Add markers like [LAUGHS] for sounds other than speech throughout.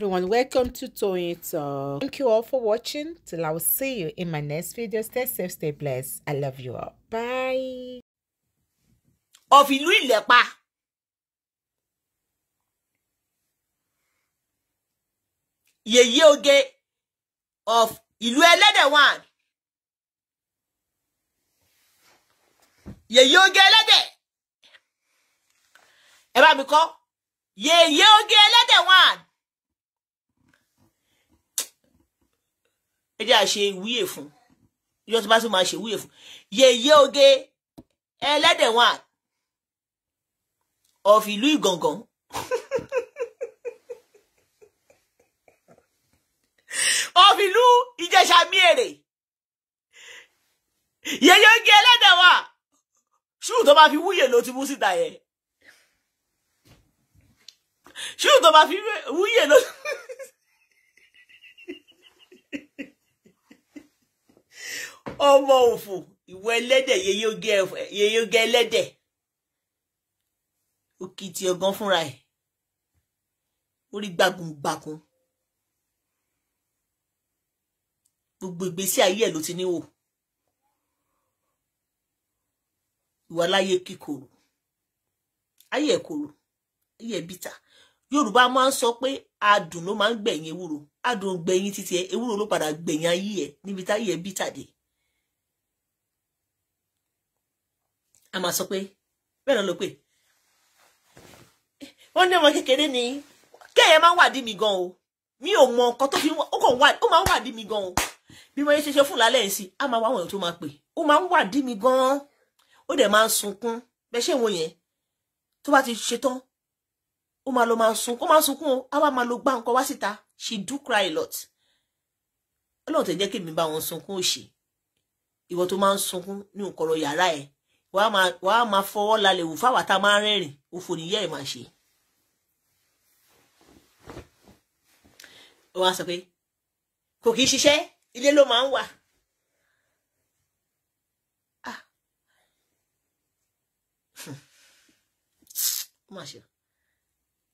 everyone welcome to Toyeen Talks thank you all for watching till i will see you in my next video stay safe stay blessed i love you all bye of ìlú Ìlẹ̀pa Yèyé Oge of ìlú Ẹlẹ́dẹ̀ one ye yoge Ẹlẹ́dẹ̀ ẹ bá mi ko, ye yoge Ẹlẹ́dẹ̀ one. ẹ jẹ́ àṣe ìwúyè fún ìjọ́ tó bá tún máa ṣe ìwúyè fún yèyé oge ẹlẹ́dẹ̀ wà of ìlú ìgàngàn [LAUGHS] of ìlú ìjẹ̀ṣà mìíràn yèyé oge ẹlẹ́dẹ̀ ṣùgbọ́n tó bá fi wúyè ló ti mú síta yẹn ṣùgbọ́n tó bá fi wúyè ló ti mú síta yẹn. ọmọ òfò ìwọ ẹlẹ́dẹ̀ yeye oge ẹlẹ́dẹ̀ òkìtì ọgán fúnra ẹ̀ orí gbàgùngbàkun gbogbo ìgbésí ayé ẹ̀ ló ti níwò ìwà láyé kíkorò ayé ẹ̀ korò ayé ẹ̀ bìtà yorùbá máa ń sọ pé adùn ló máa ń gbẹ̀yìn ewúro adùn gbẹ̀yìn títí ẹ̀ ewúro ló padà gbẹ̀yìn ayé ẹ̀ níbi táyé ẹ̀ bìtà dé. a máa sọ pé bẹ́ẹ̀ náà ló pè wọ́n ní ọmọ kékeré ni kẹ́yẹ máa ń wádìí mi gan o mi ò mọ nǹkan tó fi ó kàn wá ó máa ń wádìí mi gan o bí mo yẹ ṣe ṣe fún lálẹ́ yìí sí a máa wá àwọn èèyàn tó máa pè ó máa ń wádìí mi gan ó dẹ̀ máa ń sunkún bẹ́ẹ̀ ṣé ìwọ̀n yẹn tó bá ti ṣe tán ó máa lọ máa sunkún ó máa sunkún o á wá máa lọ gbá nǹkan wá síta she do cry a lot ọlọ́run tẹ̀ jẹ́ kí mi bá wọn sunkún òṣì ìwọ tó máa ń sunkún ní òkọ̀rọ̀ yàrá ẹ̀ wàá máa fọwọ́ lálẹ́ wò fáwọn tá a máa rẹ́rìn òfò nìyẹ́ ẹ̀ máa ṣe. ó wá sọ pé kò kì í ṣiṣẹ́ ilé ló máa ń wà. Ah. má ṣe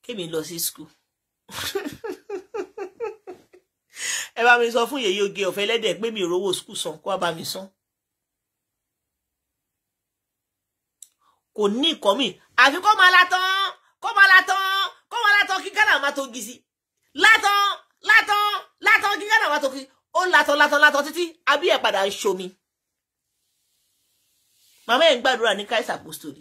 kémi lọ sí skul [LAUGHS] ẹ bá mi sọ fún yèyé oge ọ̀fẹ́ lẹ́dẹ̀ pé mi ò rówó skul san kó wá bá mi san kò ní ìkọ́mì àfi kó máa látán kó máa látán kó máa látán kí Ghana máa togi sí látán látán látán kí Ghana máa togi ó látán látán látán títí abí ẹ̀ padà ń ṣomi. màmá ẹ̀ ń gbàdúrà ní Christ apostoli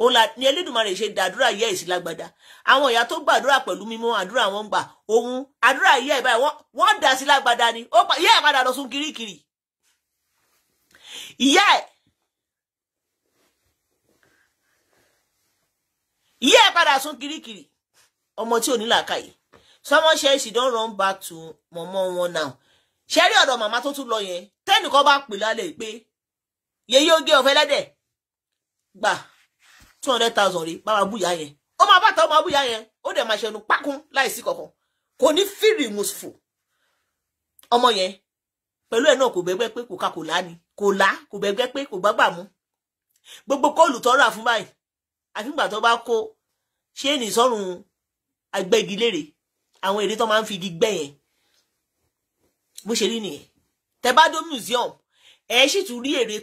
òun la ni Elédùmarè ṣe dàdúrà yẹ èsì lágbádá àwọn ìyá tó gbàdúrà pẹ̀lú mímọ́ àdúrà wọn gbà ohun àdúrà yẹ ìbáyìí wọ́n dà sí lágbádá ni ó yẹ ìpadà lọ sún kirikiri ìyá ẹ̀ ìyá ẹ̀ padà sún kirikiri ọmọ tí ò ní làákàyè someone share she don run back to mọ̀mọ́ wọn now ṣe rí ọ̀dọ̀ màmá tó tún lọ yẹn tẹ́nìkan bá pè lálẹ́ pé yeye oge ọ̀fẹ́ lẹ́dẹ̀ gbà two hundred thousand rí bá wa búyà yẹn ó máa bàtà ó máa búyà yẹn ó dẹ̀ máa ṣẹnu pákún láìsí kankan kò ní feel remorseful ọmọ yẹn pẹ̀lú ẹ̀ náà kò bẹ́gbẹ́ pé kò ka kò lá ni kò lá kò bẹ́gbẹ́ pé kò gbágbà mú gbogbo kóòlù tọ́ra fún báyìí àfìgbà tó bá kó ṣéènì sọ́rùn agbẹ́gilére àwọn èrè tó máa ń fi igi gbẹ́ yẹn bó ṣe rí nìyẹn tẹ museum ẹ sì tún rí èrè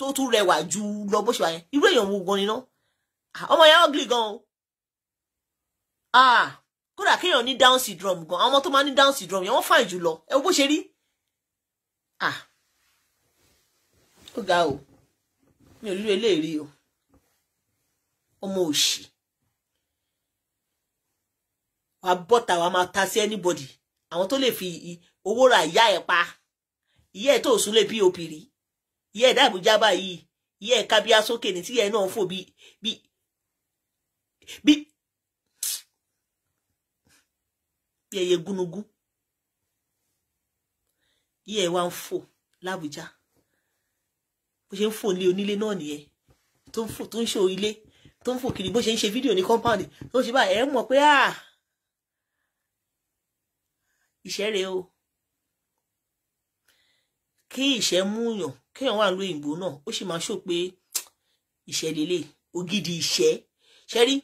tó tún rẹwà jù lọ bó ṣe wà yẹn irú èèyàn wo gan ni ná ọmọ yẹn ugly gan o ah kódà kéèyàn ní down syndrome gan àwọn ọmọ tó máa ní down syndrome yẹn wọ́n fàìn jù lọ ẹ bó ṣe rí ah ó ga o mi ò rí eléyìí o ọmọ òṣì wà bọ́ta wà máa ta sí anybody àwọn tó lè fi owó ra ìyá ẹ̀ pa ìyá ẹ̀ tó sùn lè pop rí ìyá ẹ̀ dáàbò jábà yìí ìyá ẹ̀ kábíyá sókè ní tíyẹ̀ náà fò bí bí bí bí ẹyẹ gúnugún ìyá ẹ̀ wá ń fò lábújá bó ṣe ń fò ní onílé náà nìyẹn tó ń fò tó ń ṣe ilé tó ń fò kiri bó ṣe ń ṣe fídíò ní compound tó ṣe báyìí ẹ mọ̀ pé à ìṣẹ́ rèé o kí ìṣẹ́ múyàn kéèyàn wà lóyìnbó náà ó sì máa ṣó pé ìṣẹ́ lélẹ̀ ògidì ìṣẹ́ ṣẹ́rí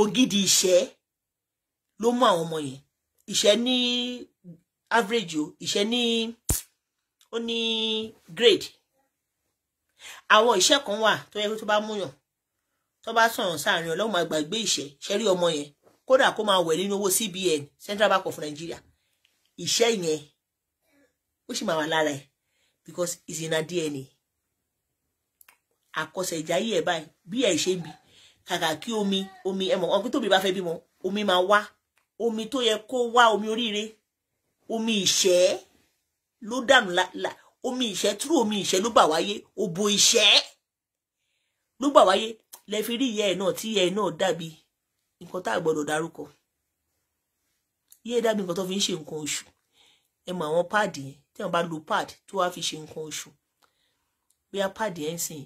ògidì ìṣẹ́ ló mú àwọn ọmọ yẹn ìṣẹ́ ní average o ìṣẹ́ ní ó ní grade àwọn ìṣẹ́ kan wà tó yẹ kó tó bá múyàn tó bá sọ̀rọ̀ sáàrin ọlọ́run máa gbàgbé ìṣẹ́ ṣẹ́rí ọmọ yẹn kódà kó máa wẹ̀ nínú owó CBN Central Bank of Nigeria ìṣẹ́ yẹn ó sì máa wà lára ẹ̀ because it's in her DNA àkọsẹ̀jáyé ẹ̀ báyìí bí ẹ̀ ṣe bí kàkà kí omi omi ẹ̀mọ̀ ọkùnrin tóbi bá fẹ́ bímọ omi máa wá omi tó yẹ kó wá omi oríire omi ìṣẹ́ ló dànù omi ìṣẹ́ túrú omi ìṣẹ́ ló bà wáyé òbò ìṣẹ́ ló bà wáyé lẹ fi rí ìyá ẹ̀ náà tí ìyá ẹ̀ náà dàbí nǹkan tá a gbọ́dọ̀ dárúkọ ìyá ẹ̀ dàbí nǹkan tó fi ń ṣe nǹkan oṣù ẹ mọ àwọn páàdì yẹn tí wọn bá lo páàdì tó wá fi ṣe nǹkan oṣù bóyá páàdì yẹn ń sìn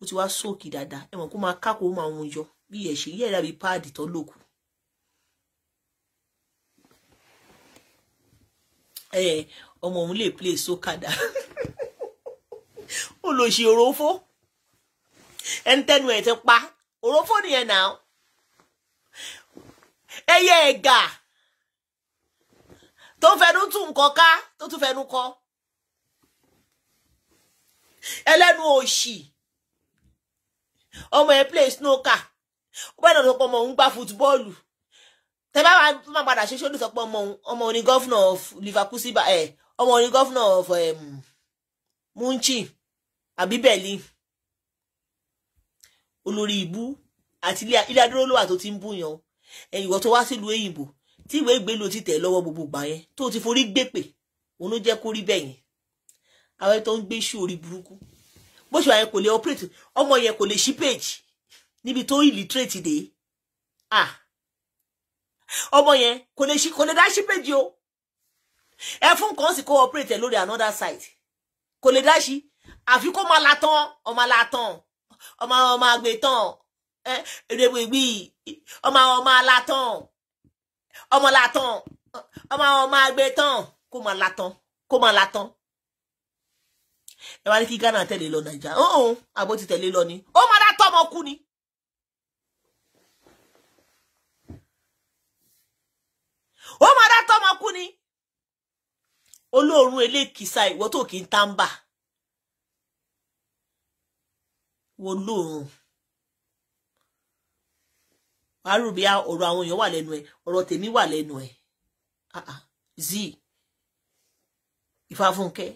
ó ti wá sóòkì dáadáa ẹ mọ kó máa kákó máa wọn yọ bí ẹ ṣe ìyá ẹ̀ dàbí páàdì tó lòkù ọmọ òun lè play sókàdá [LAUGHS] ó lọ ṣe òrófó ẹni tẹnu ẹ ti pa òrófó nìyẹn náà ẹyẹ ẹ̀gà tó fẹnu tún nǹkan ká tó tún fẹnu kọ ẹlẹ́nu òṣì ọmọ ẹ play snooker wọ́n náà sọ pé ọmọ òun gbá fútbọ́ọ̀lù tẹ bá wàá padà ṣe ṣó ní sọ pé ọmọ òun ọmọ òun ni gọ́fúnà of Liverpool síbà ẹ̀ ọmọ ní gọ́fúnà ọ̀fọ̀ Munchi àbí Berlin olórí ìbú àti ilé adúró ló wà tó ti ń búyan ẹ̀yìnwó tó wá sílùú èyìnbó tí ìwé ìgbélò ti tẹ̀ lọ́wọ́ gbogbo ìgbà yẹn tó ti forí gbèpè òun ló jẹ́ kó rí bẹ́ẹ̀ yẹn àwọn tó ń gbé iṣu orí burúkú bó ṣe wà yẹn kò lè operate ọmọ yẹn kò lè ṣí page níbi tó illiterate dé ah ọmọ yẹn kò lè ṣí kò lè dá ṣí page o ẹ fun kan sì cooperate lórí another side kò lè dá sí àfi kó máa la tán ọmọ la tán ọmọ ọmọ àgbè tán èrèwègbì ọmọ ọmọ la tán ọmọ la tán ọmọ ọmọ àgbè tán kó máa la tán kó máa la tán ẹ wá ní kí Ghana tẹ̀lé lọ Naija ọ̀hún àbó ti tẹ̀lé lọ ni ó máa dá tọ́ ọmọ ni. ó máa dá tọ́ ọmọ ni olóòórùn elékìsà ìwọ tó kì í tàǹbà wo lóòórùn arúbí ọ̀rọ̀ àwọn èèyàn wà lẹ́nu ẹ̀ ọ̀rọ̀ tèmi wà lẹ́nu ẹ̀ zi ìfàfúnkẹ́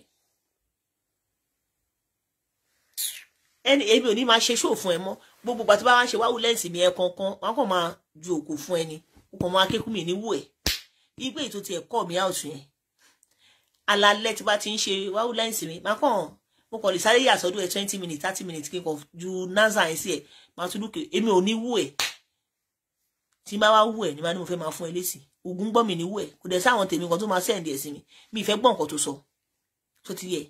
ẹni èmi ò ní máa ṣe ṣóò fún ẹ mọ́ gbogbo ìgbà tó bá wá ṣe wáwú lẹ́ǹsì mi ẹ kankan wọn kàn máa ju òkò fún ẹni wọn kàn máa kékùn mi níwò ẹ igbó ètò tiẹ̀ kọ́ mi áùtù yẹn alalẹ́ tí bá ti ń ṣe wáwúlẹ́ǹsì mi máa kàn mo kàn lè sáré yà sọ́dọ̀ ẹ̀ twenty minutes thirty minutes kí n kàn ju náza ẹ̀ sí ẹ̀ máa tún lùkè èmi ò ní wú ẹ̀ tí n bá wá wú ẹ̀ ni máa ní mo fẹ́ máa fún ẹ lésì ògùn gbọ́ mi ní wú ẹ̀ kò dẹ̀ sáwọn tèmi kan tó máa sẹ́ǹdì ẹ̀ sí mi mi ìfẹ́ gbọ́ nǹkan tó sọ tó ti yẹ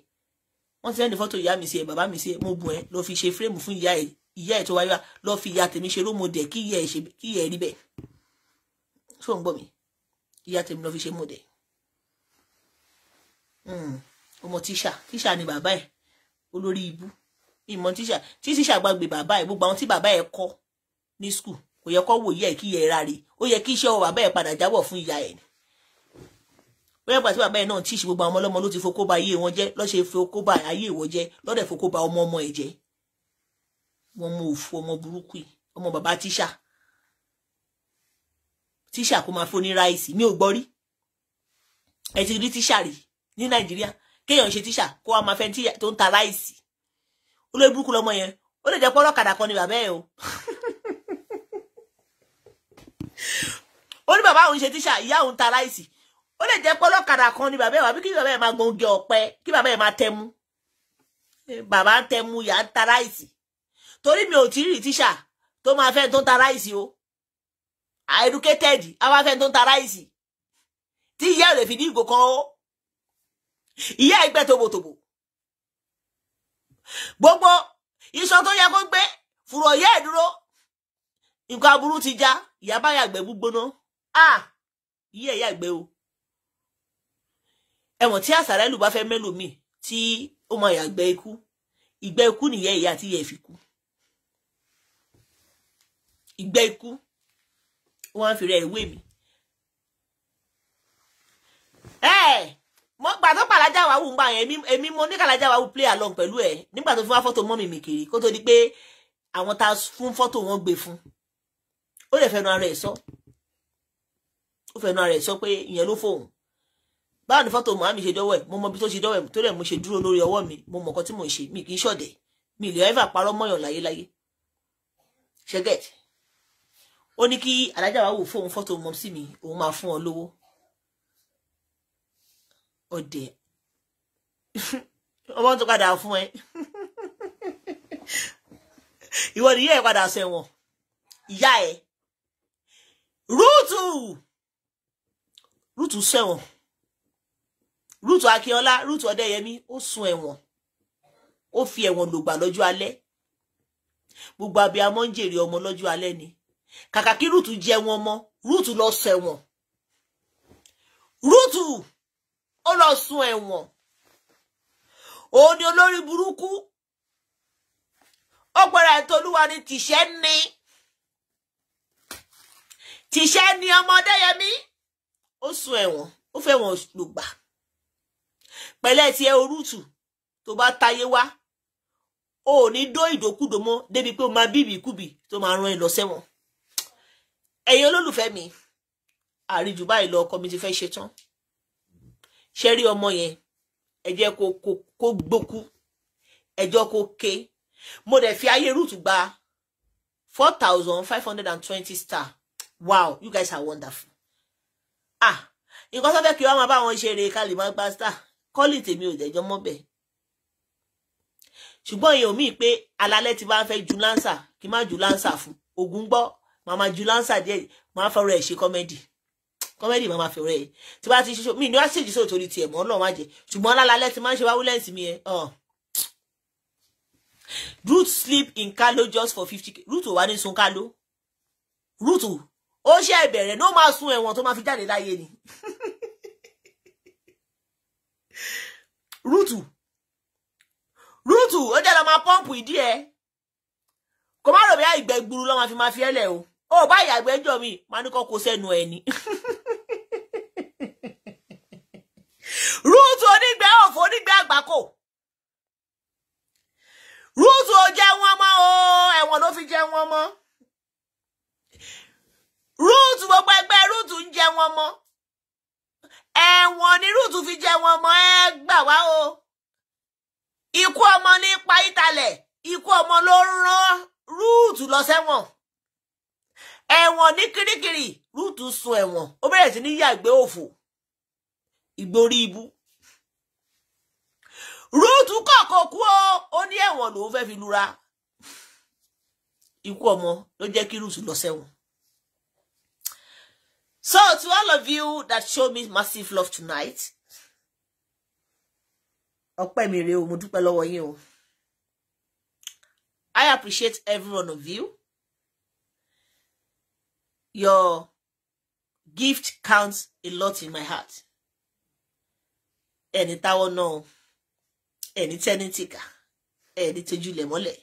wọ́n ti sẹ́ǹdì fọ́tò ìyá mi sí ẹ̀ bàbá mi sí ẹ̀ mo bùn ẹ̀ lọ fi ṣe fírèmù fún ìyá ẹ̀ ìyá ẹ̀ tó wáyé wa lọ fi ìyá tèmi ṣe rómọdẹ̀ kí ìyá ẹ̀ rí bẹ́ẹ̀ tó ń gbọ́ mi ìyá tèmi lọ fi ṣe mọ̀dẹ̀ Hmm. ọmọ tíṣà tíṣà ni bàbá ẹ̀ olórí ibú ìmọ̀ tíṣà tí tíṣà gbàgbé bàbá ẹ̀ gbogbo àwọn tí bàbá ẹ̀ kọ́ ní skul kò yẹ kó wòye ẹ̀ kí yẹ ra rè ó yẹ kí iṣẹ́ ọ bàbá ẹ̀ padà jábọ̀ fún ìyá ẹ̀ ni ó yẹ pàtó bàbá ẹ̀ náà tíṣì gbogbo àwọn ọmọ ló ti fokó ba ayé wọn jẹ́ lọ́sẹ̀ fokó ba ayé ìwọ jẹ́ lọ́dẹ̀ fokó ba ọmọ ọmọ ẹ̀ jẹ́ wọn mọ òfu ọmọ burúkú yìí ọmọ bàbá tíṣà tíṣà kó máa fóní ráìsì mi ò gbọ́ rí ẹ ti rí tíṣà rèé ní nàìjíríà kéèyàn ṣe tíṣà kó wa máa fẹ́ tíyà tó ń ta láìsì olóyè burúkú lọmọ yẹn ó lè jẹ́ pọ́nrọ́ kàdà kan ni bàbá ẹ̀ o ó ní bàbá òun ṣe tíṣà ìyá òun ta láìsì ó lè jẹ́ pọ́nrọ́ kàdà kan ni bàbá ẹ̀ wà bí kí bàbá ẹ̀ máa gun oúnjẹ ọ̀pẹ kí bàbá ẹ̀ máa tẹmu bàbá ń tẹmu ìyá ń ta láìsì torí mi ò tí ì rí tíṣà tó máa fẹ́ tó ń ta láìsì o educated a tó ń ta láìsì tí ìyá ò lè fi ní ìgò kan o ìyá ẹgbẹ́ tòbòtòbò gbogbo iṣan tó yẹ kó gbé fùrọ̀ ìyá ẹ̀ dúró nǹkan aburú ti já ìyá bá yàgbẹ́ gbígbóná ìyá ìyá ẹgbẹ́ o ẹ̀wọ̀n tí àsàrẹ́lù bá fẹ́ mẹ́lò míì tí ó mọ ìyàgbẹ́ ikú ìgbẹ́ ikú nìyẹn ìyá àti ìyá ẹ̀ fi kú ìgbẹ́ ikú wọ́n á fi rẹ̀ ìwé mi mo gbà tó pàlájà wà wù ń gbà yẹn èmi mo ní kàlájà wà wù play along pẹ̀lú ẹ̀ nígbà tó fi wá fọ́tò mọ́mì mi kiri kó tó di pé àwọn ta fún fọ́tò wọn gbé fún ó lè fẹnu ara ẹ̀ sọ ó fẹnu ara ẹ̀ sọ pé ìyẹn ló fóun báwo ni fọ́tò màmí ṣe dọ́wọ́ ẹ̀ mo mọ ibi tó ṣe dọ́wọ́ ẹ̀ tó rẹ̀ mo ṣe dúró lórí ọwọ́ mi mo mọ̀ nǹkan tí mò ń ṣe mi kì í ṣọ̀dẹ̀ mi lè ẹ́fà parọ́ mọ́yàn láyéláyé ṣẹ́gẹ̀t ó ní kí alájà wà wò fóun fọ́tò mọ́ sí mi òun máa fún ọ lówó ọdẹ [LAUGHS] ọmọ tó padà fún ẹ [LAUGHS] ìwọ nìyí ẹ padà sẹwọn ìyá ẹ rúùtù rúùtù sẹwọn rúùtù akínọlá rúùtù ọdẹyẹmí ó sùn ẹwọn ó fi ẹwọn lògbà lọ́jọ́ alẹ́ gbogbo abiyamọ ń jèrè ọmọ lọ́jọ́ alẹ́ ni kàkà kí rúùtù jẹ wọn mọ rúùtù lọ sẹwọn rúùtù ó lọ sun ẹ̀wọ̀n òun ni olórí burúkú ó gbọ́dọ̀ àtolúwa ni tìṣẹ́ ni tìṣẹ́ ni ọmọ Ọdẹ́yẹmí ó sun ẹ̀wọ̀n ó fẹ́ wọn lùgbà pẹ̀lẹ́ ti ẹ orútù tó bá táyé wá o ò ní dó ìdókúdò mọ́ débi pé o máa bíbì kúbì tó máa rán ẹ lọ sẹ́wọ̀n ẹ̀yin olólùfẹ́ mi àríjù báyìí lo ọkọ mi ti fẹ́ ṣe tán ṣe rí ọmọ yẹn ẹ jẹ́ kó kó gbókú ẹjọ́ kó ké mo dẹ̀ fi ayé root gba four thousand five hundred and twenty star wow you guys are wonderful ah nǹkan tó fẹ́ kí wọ́n máa bá wọn ṣe eré ká lè máa gba star kọ́lì tèmi ò dẹ̀jọ́ mọ́ bẹ́ẹ̀ ṣùgbọ́n èèyàn míì pé alalẹ́ ti bá ń fẹ́ ju lánsà kí má ju lánsà fún ogun gbọ́ màá máa ju lánsà díẹ̀ màá fọwọ́ ẹ̀ ṣe kọ́mẹ́dì kọ́mẹ́dì máa ma fẹ́ rẹ̀ tí bá ti ṣe mí ní wá ṣèjì sóò torí tiẹ̀ mọ́ ọlọ́run àjẹ ṣùgbọ́n lálálẹ́ ti máa ń ṣe wáwúlẹ́ǹsì mi yẹn. root sleep in kalo just for fifty k root ò wá ní sun kalo root ó ṣe ìbẹ̀rẹ̀ ní ó máa sun ẹ̀wọ̀n tó máa fi jáde láyé ni root root ó jẹ́ lọ máa pọ́ǹpù ìdí ẹ̀ kò má rò bí ìgbẹ́ gburu lọ́ máa fi máa fi ẹ́lẹ̀ o ó bá ìyàgbẹ́ jọ mi máa ní kọ́ kó sẹ́nu ẹ̀ ni. [LAUGHS] rúùtù onígbẹ́ òfò onígbẹ́ àgbákò rúùtù ò jẹ́ wọn mọ́ o ẹ̀wọ̀n ló fi jẹ́ wọn mọ́ rúùtù gbogbo ẹgbẹ́ rúùtù ń jẹ́ wọn mọ́ ẹ̀wọ̀n ni rúùtù fi jẹ́ wọn mọ́ ẹ gbà wá o ikú ọmọ ní pa ìtàlẹ̀ ikú ọmọ ló rán rúùtù lọ sẹ́wọ̀n ẹ̀wọ̀n ní kirikiri rúùtù sun ẹ̀wọ̀n ó bẹ̀rẹ̀ sí ní yàgbé òfò ìgbórí ibú rúùtù kọ̀ọ̀kan kú ó ó ní ẹ̀wọ̀n lòún fẹ́ fi lura ikú ọmọ ló jẹ́ kí rúùtù lọ sẹ́wọ̀n. So to all of you that show me massive love tonight ọpẹ́ mi rèé o mo dúpẹ́ lọ́wọ́ yín o I appreciate every one of you your gift counts a lot in my heart ẹni táwọ́ náà ẹni tẹ́ni tìkà ẹni tójú lẹ̀ mọ́lẹ̀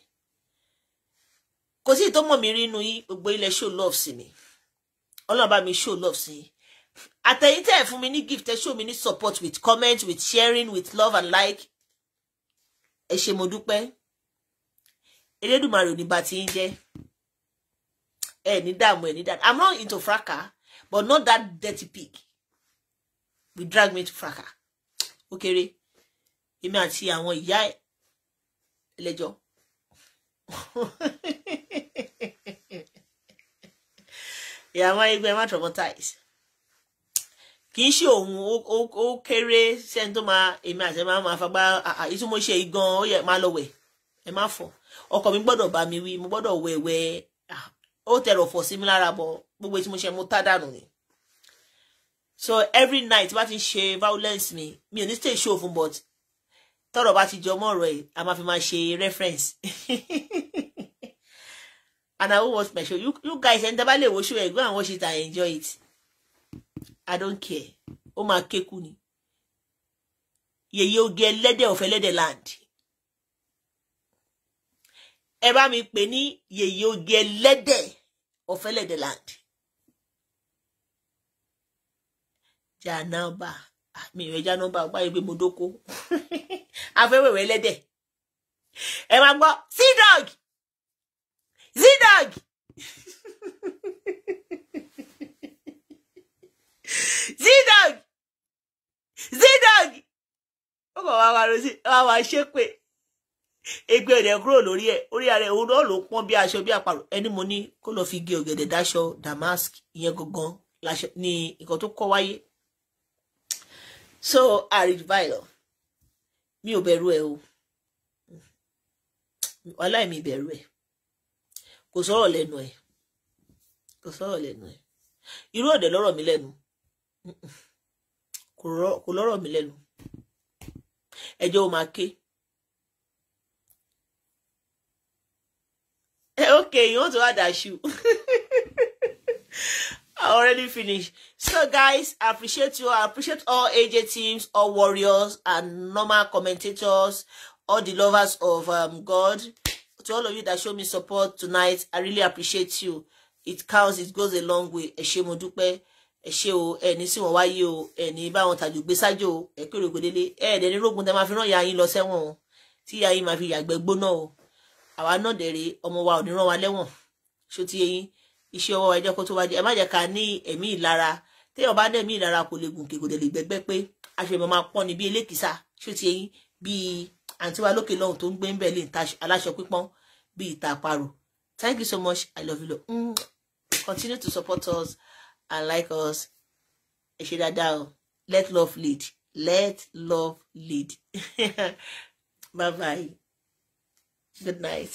kò sí tó mọ̀ mí rí inú yín gbogbo ilẹ̀ show love sí mi ọlọ́run bá mi show love sí àtẹ̀yìn tẹ́ ẹ̀ fún mi ní gift ẹ show mi ní support with comment with sharing with love and like ẹ ṣé mo dúpẹ́ elédùnmarè ò ní bá ti ń jẹ́ ẹ ní dààmú ẹ ní dààmú i'm not into fraka, but not that dirty pig we drag me to fraka ó kéré èmi àti àwọn ìyá ẹ̀ ẹlẹ́jọ́ ìyàwó ẹgbẹ́ má traumatize kì í ṣe òun ó kéré sẹ́ni tó máa èmi àti ẹ̀ máa máa fagbá ìtumọ̀ ṣe igan ó yẹ máa lọ wẹ̀ ẹ má fọ ọkọ mi gbọ́dọ̀ bá mi wí mo gbọ́dọ̀ wẹ̀wẹ̀ ó tẹrọ fọ sí mi lára bọ gbogbo tí mo ṣe mo tá dànù ni so every night bá ti ń ṣe violence mi mi ò ní stay show fún but tọrọ bá ti jọmọ ọ̀rọ̀ ẹ a máa fi máa ṣe reference [LAUGHS] and i won't watch my show you, you guys ẹni dábàá lè wo show ẹ go and watch it and enjoy it i don't care ó máa kékù ni yèyé oge ẹlẹ́dẹ̀ ọ̀fẹ́ ẹlẹ́dẹ̀ land ẹ bá mi pè ní yèyé oge ẹlẹ́dẹ̀ ọ̀fẹ́ ẹlẹ́dẹ̀ land. janaba mi ìwẹ janaba ọgbà yìí pé mo dóko [LAUGHS] afẹwẹwẹ ẹlẹ́dẹ̀ ẹ máa gbọ́ zidog zidog [LAUGHS] zidog zidog ó kàn wá wá wá ṣépè egbe rẹ̀ kúrò lórí ẹ̀ orí ara ẹ̀ òun náà ló bí aṣọ bí àparò ẹni mo ní kó lọ fi gé ọ̀gẹ̀dẹ̀ dáṣọ damask ìyẹn gangan ni nǹkan tó kọ́ wáyé so àrìbáyọ̀ mi o bẹ̀rù ẹ o wàláì mi bẹ̀rù ẹ kò sọ̀rọ̀ lẹ́nu ẹ iru sọ̀rọ̀ lẹ́nu ẹ irú loro mi lenu kò lọ́rọ̀ mi [LAUGHS] okay you want to add a already finished. So guys, I appreciate you. I appreciate all AJ teams, all warriors and normal commentators, all the lovers of um, God. To all of you that show me support tonight, I really appreciate you. It counts, it goes a long way. Ẹ ṣé mo dúpẹ́, ẹ ṣé o, ẹni sí wọn wáyé o, ẹni bá wọn tàjú gbé sájò o, ẹ kéré ògbódélé, ẹ̀ẹ́dẹ̀ ní rógun tẹ máa fi rán ìyá yín lọ sẹ́wọ̀n o, tí ìyá yín máa fi yàgbẹ́ gbóná o. Àwa náà dẹ̀ iṣẹ́ ọwọ́ ẹ jẹ́ kó tó wá jẹ́ ẹ má jẹ́ ká ní ẹ̀mí ìlara téèyàn bá dẹ̀mí ìlara kò lè gùn kò dẹ̀ lè gbẹgbẹ́ pé aṣèmọ̀ máa pọ́n ni bí elékìsà ṣó ti eyín bí àǹtí wa lókè lọ́hùn tó ń gbé ń bẹ̀ lè ta aláṣọ pípọ́n bí ìta àparò thank you so much i love you lo mm. continue to support us and like us ẹ ṣe dáadáa o let love lead let love lead [LAUGHS] bye bye good night.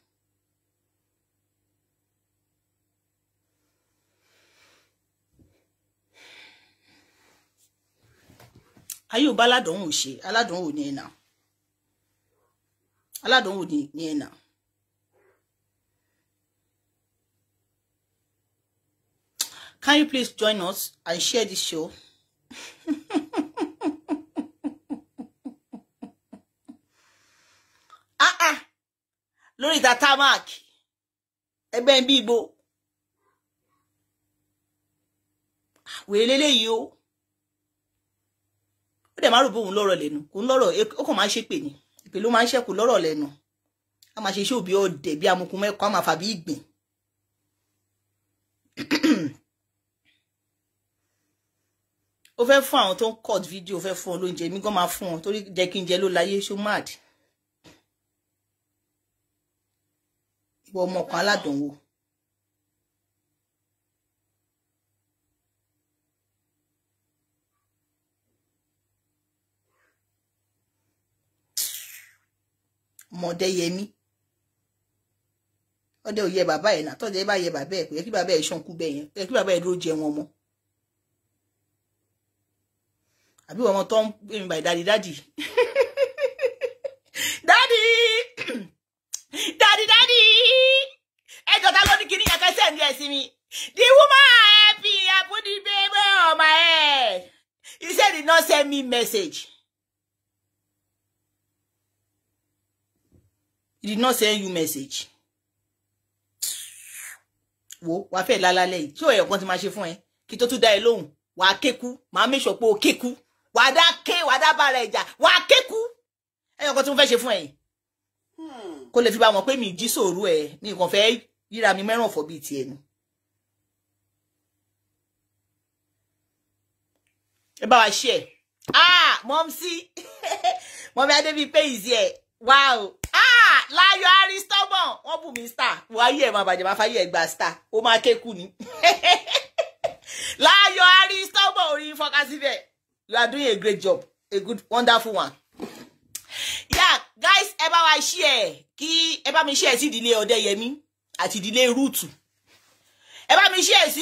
ayé ò bá aládùnwò ṣe aládùnwò ní ẹ̀nà aládùnwò ní Can you please join us and share this show? [LAUGHS] ah ah lórí ta tarmac ẹgbẹ́ ń bí ibo wèrè o dẹ̀ máa rò bóun lọ́rọ̀ lẹ́nu kò ń lọ́rọ̀ ó kàn máa ń ṣépè ni ìpè ló máa ń ṣẹ́kù lọ́rọ̀ lẹ́nu a máa ṣe iṣẹ́ òbí ọ̀dẹ̀ bí amukun mẹ́kọ̀ọ́ a máa fà bí ìgbìn. ó fẹ́ fún àwọn tó ń cut fídíò fẹ́ fún ọ lóúnjẹ mi gan máa fún ọ torí jẹ́ kí n jẹ ló láyé ṣó mad ìwọ ọmọkàn aládùnwò mọ̀ọ́dẹ́yẹmí ọdẹ ò yẹ bàbá ẹ̀ náà tọ́jà ẹ bá yẹ bàbá ẹ̀ kò yẹ kí bàbá ẹ̀ ṣànkú bẹ́ẹ̀ yẹn kò yẹ kí bàbá ẹ̀ dúró jẹ wọn mọ́ àbí wọn tó ń pè mí báyìí dáàdì dáàdì dáàdì dáàdì dáàdì ẹ jọta ló ní kíní yẹn kẹsẹ̀ ní ẹ̀sìn mi the woman happy I put the baby on my head he said he no send me message. he did not send you message wo wàá fẹ́ lálálẹ́ yìí tí òye kan ti máa ṣe fún ẹ kí tó tún dá ẹ lóhùn wàá kéku màá make sure pé o kéku wàá dá ké wàá dá bára ẹ̀jà wàá kéku ẹyọ kan tí mo fẹ́ ṣe fún ẹ yìí kó lè fi bá wọn pé mi jí sòrú ẹ mi kàn fẹ́ yíra mi mẹ́ràn ọ̀fọ̀ bíi tiẹ̀ ni. ẹ bá wa ṣe ẹ ah mọ́mísí mọ́mí adébíyí pé ìzí ẹ Wow. Ah, láyọ̀ aristobon wọ́n bù mí star wáyé ẹ̀ máa bàjẹ́ máa fáyé ẹ̀ gba star ó máa kékù ni [LAUGHS] láyọ̀ aristobon orí fọkásíbẹ̀ you are doing a great job a good wonderful one yeah guys ẹ bá wa share kí ẹ bá mi share sí ìdílé ọdẹyẹmí àti ìdílé rúùtù ẹ bá mi share sí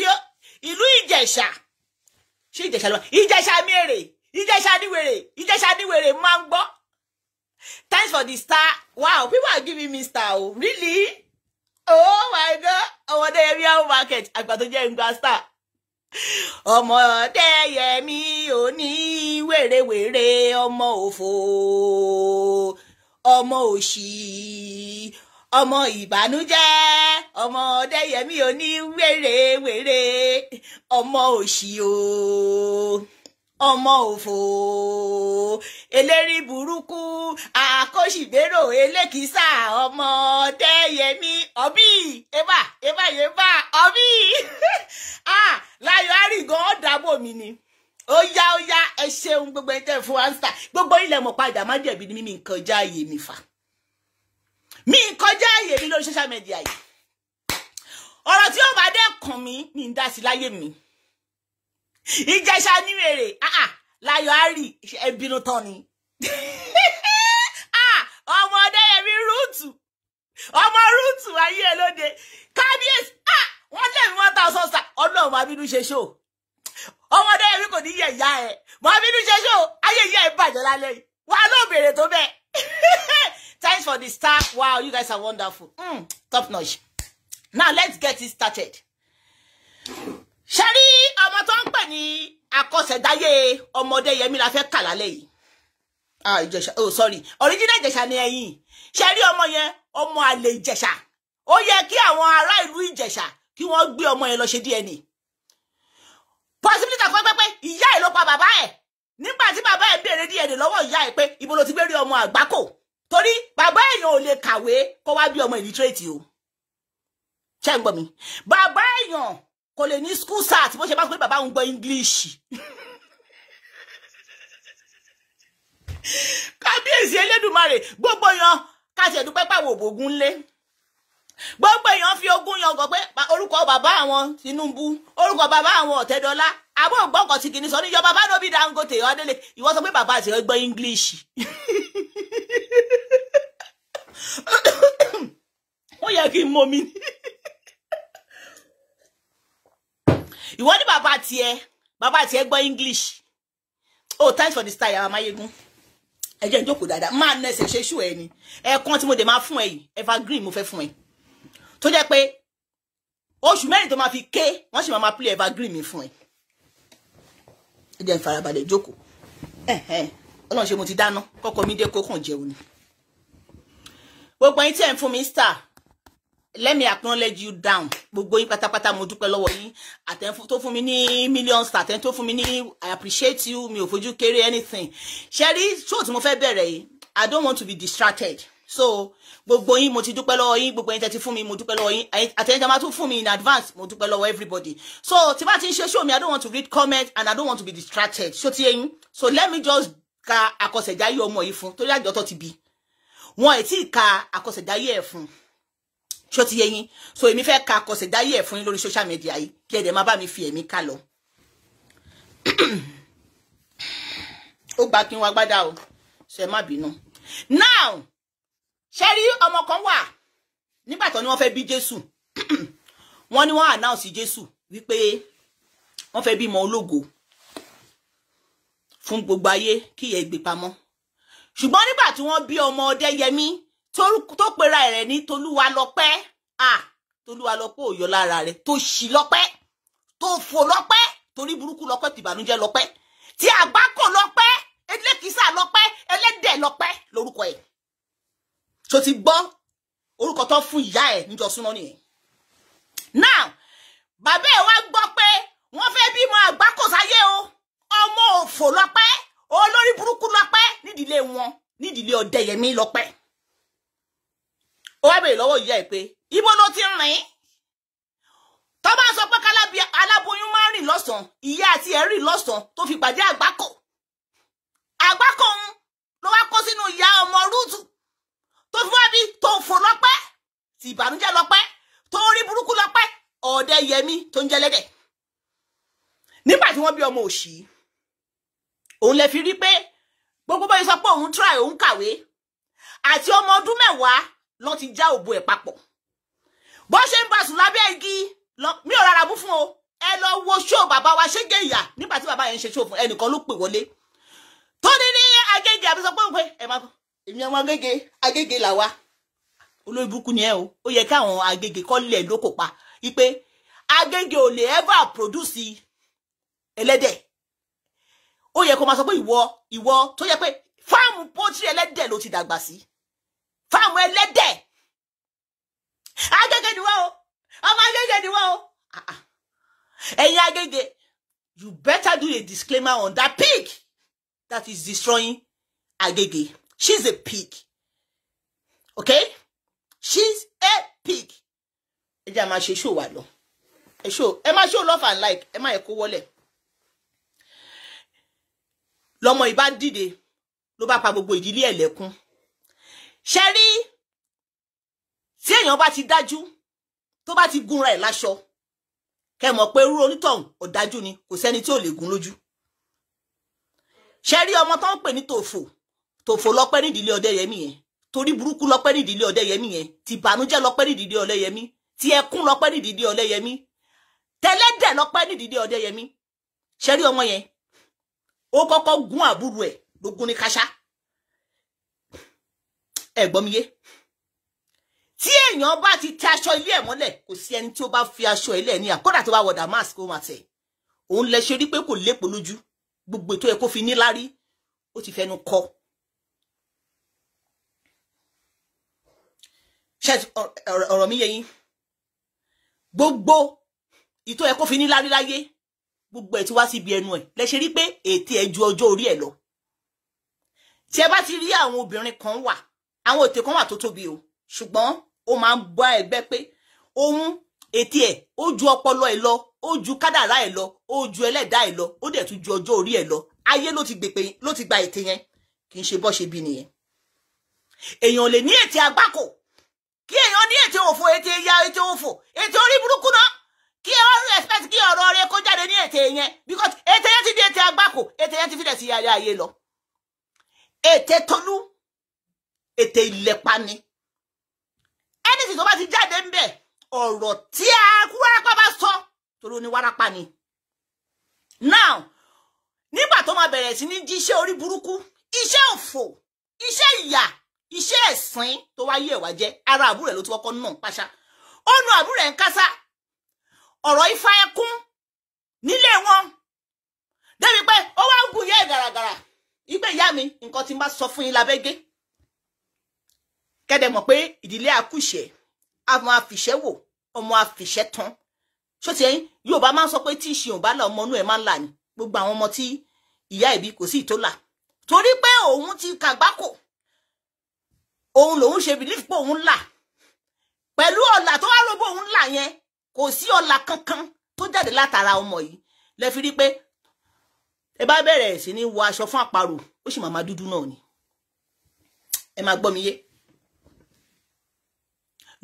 ìlú ìjẹ̀ṣà ṣé ìjẹ̀ṣà ló wà ìjẹ̀ṣà mèrè ìjẹ̀ṣà níwèrè ìjẹ̀ṣà níwèrè máa ń gbọ́ Thanks for the star. Wow, people are giving me star. Oh, really? Oh my God. Ọmọdé the Àwọn Market. I Àgbà tó get ìgbà star. Omo mi Ọmọdé Yẹmí òní wèrèwèrè ọmọ òfò. Ọmọ òṣì. Ọmọ ìbànújẹ́. mi oni were were omo òṣì o. Oh ọmọ òfò eléri burúkú àkóṣìgbérò elékìsà ọmọ ọdẹyẹmí ọbí eba eba yeba ọbí [LAUGHS] ah láyọ̀ àrígan ọdàbò mi ni ó yá ó yá ẹ ṣeun gbogbo ẹ tẹ fún wa ń sà gbogbo ilẹ̀ mọ̀ padà má jẹ̀bi ni mímí nǹkan já mi fà mí nǹkan já mi lórí social media yìí ọ̀rọ̀ tí yóò bá dẹ́ kàn mí ń dá sí láyé mi. Ah, Ah, la ìjẹ̀ṣà ní wèrè láyọ̀ àárí ẹbínú tán ni [LAUGHS] ah, ọmọ ọdẹyẹmí rúùtù Ah, rúùtù ayé ẹ lóde kábíyèsí wọn lẹ́mí wọn ta sọ́sà ọlọ́run abínú ṣe ṣó ọmọ ọdẹyẹmí kò ní yẹ ìyá ẹ mọ abínú ṣe ṣó ayé ìyá ẹ bàjẹ́ lálẹ́ yìí wàá ló béèrè tó bẹ́ẹ̀ [LAUGHS] thanks for the star wow you guys are wonderful mm, top notch now let's get it started ṣe rí ọmọ tó ń pè ní àkọsẹ̀dáyé ọmọdé yẹmi la fẹ́ kà lálẹ́ yìí ah ìjẹ̀ṣà oh sorry original ìjẹ̀ṣà ni ẹ̀yìn ṣe rí ọmọ yẹn ọmọ àlè ìjẹ̀ṣà ó yẹ kí àwọn ará ìlú ìjẹ̀ṣà kí wọ́n gbé ọmọ yẹn lọ ṣe DNA possibility kan ìyá ẹ̀ ló pa bàbá ẹ̀ nígbà tí bàbá ẹ̀ béèrè DNA lọ́wọ́ ìyá ẹ̀ pé ibo ló ti gbé rí ọmọ àgbákò torí bàbá èèyàn ò lè kàwé kó wá bí ọmọ ìlítírèètì o ṣé ń gbọ́ mi bàbá èèyàn kò lè ní school sat bó ṣe bá pé bàbá òun gbọ́ english kábíyèsí elédùnmarè gbogbo yan káṣí ẹ̀dúpẹ́ pàwọ̀ ògùn lé gbogbo èèyàn fi ogún yangàn pé orúkọ bàbá àwọn Tinubu orúkọ bàbá àwọn Ọ̀tẹ́dọ́lá àbọ̀ gbọ́kàn tí kìíní sọ níjọ bàbá lóbi Dangote ọdẹlẹ ìwọ sọ pé bàbá àti ẹgbẹ́ English [COUGHS] ó yẹ kí n mọ mi ni. ìwọ ní bàbá tiẹ̀ bàbá tiẹ̀ gbọ́ english oh thanks for the style àwọn amáyégún ẹ jẹ́ ìjókòó dáadáa máa nà ẹsẹ̀ ṣe ṣù ẹ ni ẹ̀ẹ̀kan tí mo dé máa fún ẹ yìí evergreen mo fẹ́ fún ẹ tó jẹ́ pé oṣù mẹ́rin tó máa fi ké wọ́n sì máa máa play evergreen mi fún ẹ ẹ jẹ́ ìfarabalẹ̀ ìjókòó ọlọ́run ṣe mo ti dáná kọ́kọ́ mi dé kókàn jẹun ni gbogbo ẹyin tí ẹ̀ ń fún mi star let me acknowledge you down gbogbo yín pátápátá mo dúpẹ́ lọ́wọ́ yín àtẹn tó fún mi ní millions àtẹn tó fún mi ní i appreciate you mi ò fojú kéré anything ṣẹ́rí show tí mo fẹ́ bẹ̀rẹ̀ yìí i don't want to be distracted so gbogbo yín mo ti dúpẹ́ lọ́wọ́ yín gbogbo yín tẹ́ ti fún mi mo dúpẹ́ lọ́wọ́ yín àtẹ̀yìn jama tún fún mi in advance mo dúpẹ́ lọ́wọ́ everybody so tí bá ti ń ṣe show me. i don't want to read comment and i don't want to be distracted ṣó ti yẹn so let me just ka àkọsẹ̀jáyé ọmọ yìí fún torí àjọ tó ti bí wọn ẹ̀ tí ì ka àkọsẹ̀jáyé ẹ̀ fún un ṣó ti yé yín so èmi fẹ́ ka kọsẹ̀ dáyé ẹ̀ fún yín lórí social media yìí kí ẹ dẹ̀ má bá mi fi ẹ̀mí ká lọ. ó gba kí n wá gbádà o ṣe má bínú. now ṣe rí ọmọ kan wà nígbà tó ní wọ́n fẹ́ bí jésù [CLEARS THROAT] wọ́n ní wọ́n announce jésù wípé wọ́n fẹ́ bímọ ológo fún gbogbo ayé kí ìyẹn gbé pamọ́ ṣùgbọ́n nígbà tí wọ́n bí ọmọ ọdẹ yẹmí tó pera rẹ̀ ní tolúwa lọ́pẹ́ ah tolúwa lọ́pẹ́ ò yọ lára rẹ̀ tó ṣì lọ́pẹ́ tó fò lọ́pẹ́ torí burúkú lọ́pẹ́ tìbànújẹ́ lọ́pẹ́ tí àgbákò lọ́pẹ́ elékìísà lọ́pẹ́ ẹlẹ́dẹ̀ lọ́pẹ́ lórúkọ ẹ̀ tó ti gbọ́ orúkọ tó fún ìyá ẹ̀ níjọ súná nìyẹn now bàbá ẹ̀ wá gbọ́ pé wọ́n fẹ́ bímọ àgbákò sáyé o ọmọ òfò lọ́pẹ́ olórí burúkú lọ́pẹ́ nídìílé wọn nídìílé ọdẹyẹmí lọ́pẹ́ ó wá béèrè lọ́wọ́ ìyá ẹ̀ pé ibo ló ti rìn tó bá sọ pé aláboyún máa ń rìn lọ́sàn-án ìyá àti ẹ̀ rìn lọ́sàn-án tó fi pàdé àgbákò àgbákò ń ló wá kó sínú ìyá ọmọ rúùtù tó fi wá bí tó ń fò lọ́pẹ́ tí ìbànújẹ́ lọ́pẹ́ tó ń rí burúkú lọ́pẹ́ ọ̀ọ́dẹ yẹmí tó ń jẹ lẹ́dẹ̀ nígbà tí wọ́n bí ọmọ òṣì òun lè fi rí pé gbogbo bóyá sọ pé òun try òun kàwé àti ọmọ ọdún mẹ́wàá lọ́n ti já òbò ẹ̀ papọ̀ bó ṣe ń bá sùn lábẹ́ igi mi ò rárá bú fún o ẹ lọ wo ṣó bàbá wa ṣége ìyà nígbà tí bàbá yẹn ṣe ṣó fún ẹnìkan ló pè wọlé tó ní ní agége àbí sọ pé òun pé ẹ máa èmi àwọn agége agége làwa olórí burúkú ni ẹ o ó yẹ káwọn agége kọ́ lẹ̀ lóko pa wípé agége ò lè ever produce ẹlẹ́dẹ̀ ó yẹ kó máa sọ pé ìwọ ìwọ tó yẹ pé fáàmù pọ́tírì ẹlẹ́dẹ̀ ló ti dàgbà sí fáwọn ẹlẹ́dẹ̀ agége ni wọ́n o ọmọ agége ni wọ́n o ah, ah. ẹ̀yin agége you better do a disclaimer on that pig that is destroying agége she's a pig okay she's a pig ẹ jẹ́ a máa ṣe ṣó wa lọ ẹ ṣó ẹ má ṣó love and like ẹ má yẹ kó wọlé lọmọ ìbá dìde ló bá pa gbogbo ìdílé ẹ̀ lẹ́kún ṣe rí tí èèyàn bá ti dájú tó bá ti gúnra ẹ̀ láṣọ kẹ mọ̀ pé irú onítọ̀hún ọ̀dájú ni kò sẹ́ni tí ò lè gún lójú ṣe rí ọmọ tó ń pè ní tòfò tòfò lọ́pẹ́ nídìílé ọdẹ́yẹmí yẹn torí burúkú lọ́pẹ́ nídìílé ọdẹ́yẹmí yẹn ti bànújẹ́ lọ́pẹ́ nídìílé ọdẹ́yẹmí ti ẹkún lọ́pẹ́ nídìílé ọdẹ́yẹmí tẹlẹ́dẹ̀ lọ́pẹ́ nídìílé ọdẹ́yẹmí ṣe rí ọmọ yẹn ó kọ́kọ́ gún àbúrò ẹ̀ ló gún ní káṣá ẹ gbọ́ mi yé tí èèyàn bá ti tẹ aṣọ ilé ẹ̀ mọ́lẹ̀ kò sí ẹni tí ó bá fi aṣọ ilé ẹ̀ ní àkọ́dà tó bá wọ damask ó máa tẹ̀ òun lẹ ṣe rí pé kò lépo lójú gbogbo ètò ẹ̀ kó fi níláárí ó ti fẹnu kọ. ṣé ọ̀rọ̀ mi yé yín gbogbo ìtò ẹ̀ kó fi níláárí láyé gbogbo ẹ̀ tí wá síbi ẹnu ẹ̀ lẹ ṣe rí pé ètè ẹ̀ ju ọjọ́ orí ẹ̀ lọ tí ẹ bá ti rí àwọn obìnrin kan wà àwọn ètè kan wà tó tóbi o ṣùgbọ́n ó máa ń bá ẹgbẹ́ pé ohun ètè ẹ̀ ó ju ọpọlọ ẹ̀ lọ ó ju kádàrá ẹ̀ lọ ó ju ẹlẹ́dàá ẹ̀ lọ ó dẹ̀ tún ju ọjọ́ orí ẹ̀ lọ ayé ló ti gbèpè ló ti gba ètè yẹn kì í ṣe bọ́ ṣe bí nìyẹn èèyàn lè ní ètè àgbákò kí èèyàn ní ètè òfò ètè ya ètè òfò ètè orí burúkú náà kí ẹ wọn respect kí ọ̀rọ̀ rẹ kó jáde ní ètè yẹn because ètè yẹn ti di ètè àgbákò ètè yẹn ti fi dẹ̀ sí ayé ayé lọ ètè tolú ètè ìlẹ̀pa ni ẹnìtì tó bá ti jáde ń bẹ̀ ọ̀rọ̀ tí akú wárápá bá sọ torí ó ní wárápá ni now nígbà tó máa bẹ̀rẹ̀ sí ní jí iṣẹ́ orí burúkú iṣẹ́ òfò iṣẹ́ ìyà iṣẹ́ ẹ̀sìn tó wáyé ẹ̀wà jẹ́ ara àbúrò ẹ̀ ló ti kọ́kọ́ nà pàṣà ó nu àbúrò ẹ̀ ń kásá ọ̀rọ̀ ifá ẹkún nílé wọn débi pé ó wá ń gùn yẹ́ gàràgàrà ìgbé ìyá mi nǹkan tí n bá sọ fún yín lábẹ́gẹ́ kẹ́dẹ̀ mọ̀ pé ìdílé àkùṣẹ́ àwọn àfìṣẹ́ wò ọmọ àfìṣẹ́ tán ṣó ti ẹyin Yorùbá máa ń sọ pé tí ìṣìn ò bá là ọmọ inú ẹ̀ máa ń là ní gbogbo àwọn ọmọ tí ìyá ìbí kò sí ìtólà torí pé òun ti kàgbákò òun lòun ṣe bìlíf pé òun là pẹ̀lú ọ̀là tó wá rogbó òun là yẹn kò sí ọ̀là kankan tó jáde látara ọmọ yìí lẹ fi rí pé ẹ bá bẹ̀rẹ̀ sí ní wọ aṣọ fún àparò ó sì máa máa dúdú náà ni ẹ máa gbọ́ mi yé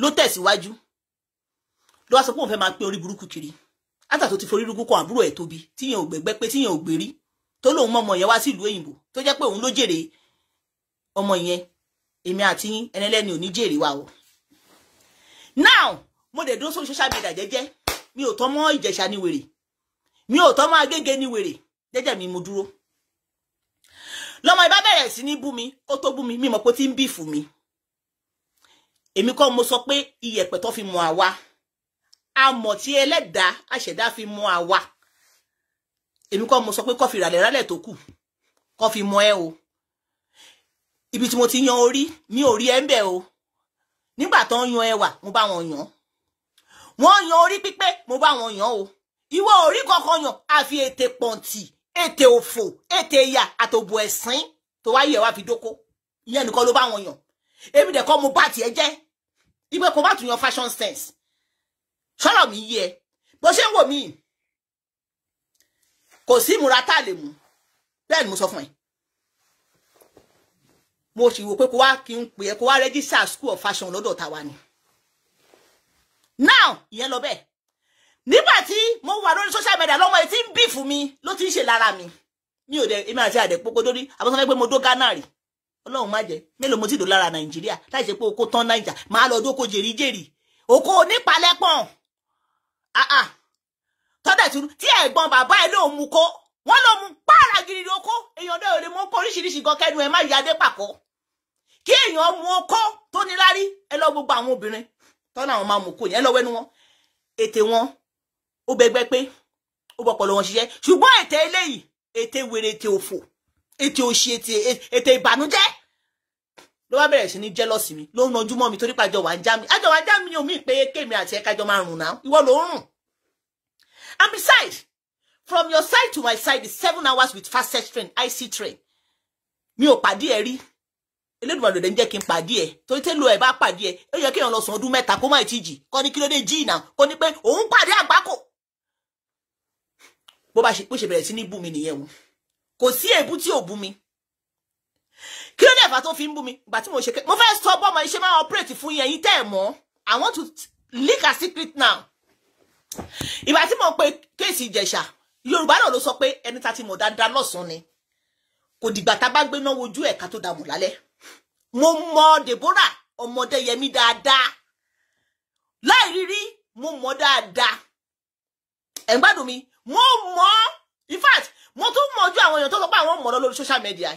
ló tẹ̀síwájú ló wá sọ pé òun fẹ́ máa pín orí burúkú kiri átà tó ti forí rúkú kan àbúrò ẹ̀ tóbi tíyẹn ò gbẹgbẹ́ pé tíyẹn ò gbèrí tó lóun mọ ọmọ yẹn wá sí ìlú òyìnbó tó jẹ́ pé òun ló jèrè ọmọ yẹn èmi àti ẹnẹlẹ́ni ò ní jèrè wa o now mo dẹ̀ dúró sórí social media jẹ́jẹ́ mi ò tọ́ mọ́ ìjẹ̀ṣà ni wèrè mi ò tọ́ mọ́ agége ni wèrè jẹ́jẹ́ mi mo dúró lọ́mọ ìbá bẹ̀rẹ̀ sí ní bú mi ó tó bú mi mímọ̀ pé ó ti ń bì fún mi èmi kọ́ mo sọ pé iyẹ̀pẹ̀ tó fi mọ àwa amọ̀ tí ẹlẹ́dàá àṣẹ̀dá fi mọ àwa èmi kọ́ mo sọ pé kọ́ fi ràlẹ̀ rálẹ̀ tó kù kọ́ fi mọ ẹ o ibi tí mo ti yan orí mi ò rí ẹ ń bẹ̀ o nígbà tó ń yan ẹwà mo bá wọn yàn wọ́n yan orí pípé mo bá wọn yàn o ìwọ orí kankan yàn àfi ètè pọ̀ǹtì ètè òfò ètè ìyà àtòbò ẹ̀sìn tó wáyé ẹ̀ wá fi dóko ìyẹn nìkan ló bá wọn yàn èmi dẹ̀ kọ́ mo bá tiẹ̀ jẹ́ will come má to your fashion sense sọ̀rọ̀ mi yé But she won't ń wò he will sí him. Then a lè mú Most ni mo sọ fún ẹ mo sì wò pé kó register school of fashion no tàwa ni now yellow lọ bẹ́ẹ̀ nígbà tí mo wà social media lọ́mọ etí ń bì fún mi ló ti ń ṣe lára imagine mi ò dẹ̀ èmi àti àdẹ̀pọ̀ gbódórí àbọ̀sọ́fẹ́ pé mo dó Ghana rí ọlọ́run má jẹ́ mélòó mo ti dò lára nàìjíríà láì ṣe pé oko tán nàìjà máa lọ dóko jèrìjèrì oko onípalẹ́pọ̀n tọ́dẹ̀ tún tí ẹ̀gbọ́n bàbá ẹ̀ lóun mú kó wọ́n ló mú pààrà gidi oko èèyàn náà lè mú kó oríṣiríṣi gan kẹnu ẹ̀ má yí adé pàkọ́ kí èèyàn mú oko tó níláárí ẹ lọ gbogbo àwọn obìnrin tọ́nà àwọn máa mú kó yẹn lọ́wọ́ ẹnu wọn ètè wọn ó bẹgbẹ́ pé ó bọ̀pọ̀ lọ́wọ́ ṣiṣẹ́ ṣùgbọ́n ètè eléyìí ètè wèrè ètè òfò ètè òṣì ètè ìbànújẹ́ ló bá bẹ̀rẹ̀ sí ní jẹ́lọ́sì mi ló ń ranjú mọ́ mi torí pàjọ wà ń já mi àjọ wà ń já mi ni omi pé kémi àti ẹ̀ka jọ máa rùn náà ìwọ ló ń rùn. and besides from your side to my side is seven hours with fastest train IC train mi ò pàdé ẹ rí elédùnmọ̀ lòdì ń jẹ́ kí n pàdé ẹ torí tẹ́lẹ̀ ẹ bá pàdé ẹ ó yẹ kéèyàn lọ sùn ọdún mẹ́ta kó má ì tí jì kọ́ ní kílódé jí ìnà kó ní pé òun pàdé àgbákò bó bá ṣe bẹ̀rẹ̀ sí ní bú mi nìyẹn o kò sí èébú tí ò bú mi kí ló dẹ̀ fà tó fi ń bú mi ìgbà tí mo ṣe mo fẹ́ sọ bọ́mọ iṣẹ́ máa operate fún yẹn yín tẹ́ ẹ̀ mọ́ I want to leak a secret now ìgbà tí mo pe kéèsì ìjẹ̀ṣà Yorùbá náà ló sọ pé ẹni ta ti mọ̀ dáadáa lọ́sàn-án ni kò dìgbà tá a bá gbé náà wojú ẹ̀ka tó dààmú lálẹ́ mo mọ Deborah ọmọdé yẹmi dáadáa láì rírí mo mọ dáadáa ẹ̀ ń gbádùn mi mo mọ in fact mo tún mọ ojú àwọn èèyàn tó sọ pé àwọn mọ̀ lọ lórí social media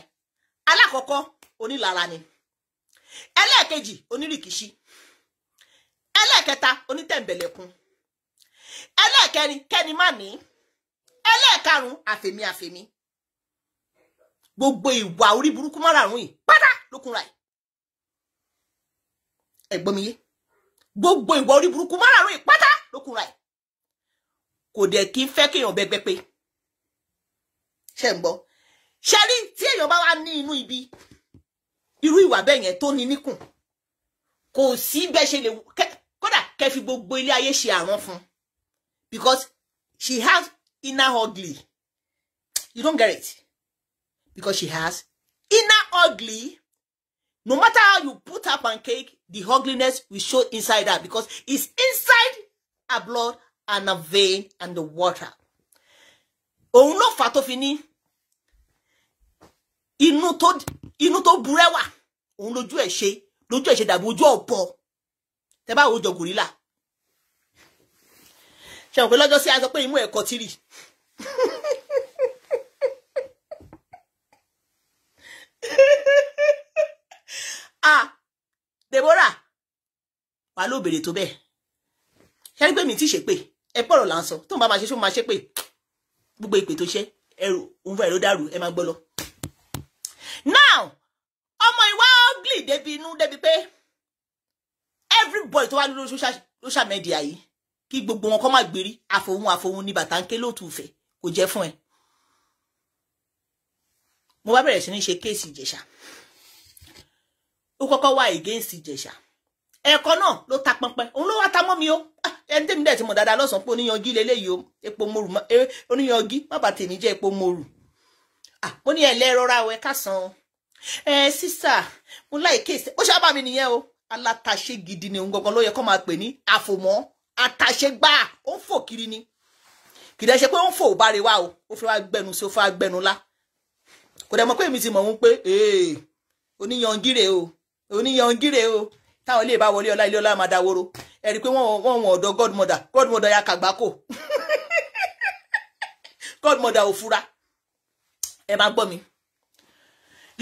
alákọ̀ọ́kọ́ onílara ni ẹlẹ́ẹ̀kejì onírìkìṣí ẹlẹ́ẹ̀kẹta onítẹ̀m̀bẹ̀lẹ̀kun ẹlẹ́ẹ̀kẹrin kẹ́ni má ní ẹlẹ́ẹ̀karùn àfèmí àfèmí gbogbo ìwà orí burúkú márààrún yìí pátá lókunra ẹ̀ ẹ̀gbọ́n mi yé gbogbo ìwà orí burúkú márààrún yìí pátá lókunra ẹ̀ kò dẹ̀ kí n fẹ́ kéèyàn bẹ́gbẹ́ pé ṣe ń gbọ́ ṣe rí tí èèyàn bá wà ní inú ibi irú ìwà bẹ́ẹ̀ yẹn tó ní níkùn kò sí bẹ́ẹ̀ ṣe lè kódà kẹ́ fi gbogbo ilé ayé ṣe àrán fún because she has inner ugly you don't get it because she has inner ugly no matter how you put her pancake the ugliness will show inside her because it's inside her blood and her vein and the water òun ló fà tó fi ní inú tó inú tó burẹ́wà òun lójú ẹ̀ ṣe lójú ẹ̀ ṣe dàbí ojú ọ̀bọ tẹ bá òjò gòrílà ṣe òpin lọ́jọ́ sí aṣọ pé imú ẹ̀kọ́ tìrì [LAUGHS] ah Deborah wà ló bèrè tó bẹ́ẹ̀ ṣe rí pé mi ti ṣépè ẹ pọ̀rọ̀ là ń sọ tó ń bá máa ṣe ṣó máa ṣépè gbogbo ìpè tó ṣe ẹrù òun fún ẹ ló dàrú ẹ máa gbọ́ lọ ọmọ ìwà ugly débi inú débi pé everybody tó wà lórí social media yìí kí gbogbo wọn kọ́ máa gbèrí àfòhun àfòhun ní bàtà ń ké lóòtú ìfẹ́ kò jẹ́ fún ẹ. mo bá bẹ̀rẹ̀ sí ní ṣe kéèsì ìjẹ̀ṣà ó kọ́kọ́ wá against ìjẹ̀ṣà ẹ̀kọ́ náà ló ta pọnpẹ́ òun ló wá ta mọ́ mi o ah, ẹni tẹ́mi dẹ̀ ti mọ̀ dáadáa lọ́sàn-án pé oníyanjú lélẹ́yìí o epo moru eh, oníyanjú má bàa tèmi jẹ́ epo moru mo ah, ní ẹ̀ lẹ́rọra o ẹ ká san ẹ sísà mo láì kéèsì ó ṣáà mi nìyẹn o alátaṣe gidi ni òun gangan ló yẹ kó máa pè ní àfòmọ́ àtàṣe gbà ó ń fò kiri ni kìdá ṣe pé ó ń fò bá wá o ó fẹ́ wá gbẹnu sí ó fẹ́ wá gbẹnu lá kò dẹ̀ mọ̀ pé èmi ti mọ̀ wọ́n pé oníyangire o oníyangire o táwọn ilé ìbá wọlé ọlá ilé ọlá máa dáwóró ẹ rí i pé wọ́n wọ́n wọ́n ọ̀dọ̀ godmother godmother ya kàgbákò [LAUGHS] godmother ò fura ẹ máa gbọ́ mi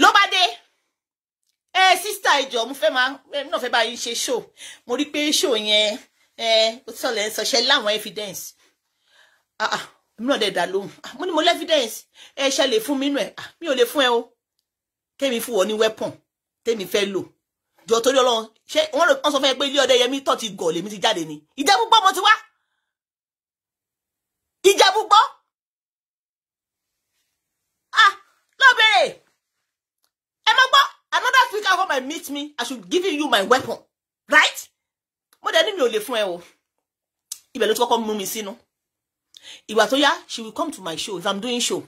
ló dé sísítà ìjọ mo fẹ́ máa náà fẹ́ bá yín ṣe ṣó mo rí pé ṣó yẹn o ó sọlẹ̀ ń sọṣẹ́ láwọn evidence ah, ah, èmi náà dẹ̀ dà lóhùn ah, mo ní mo lẹ́ evidence ẹ ṣe lè fún mi nù ẹ mi ò lè fún ẹ o kẹ́mi fún ọ ní weapon tẹ́mi fẹ́ lò jọ torí ọlọ́run ṣé wọ́n rò sọ fún ẹ pé ilé ọdẹ yẹmi tó ti gọ̀ lèmi ti jáde ni ìjẹ́bú gbọ́ mo ti wá ìjẹ́bú I meet me I should give you my weapon right mo dẹ̀ ní mi ò lè fún ẹ o ibẹ̀ ló ti kọ́kọ́ mú mi sínú ìgbà tó yá she will come to my show if I'm doing show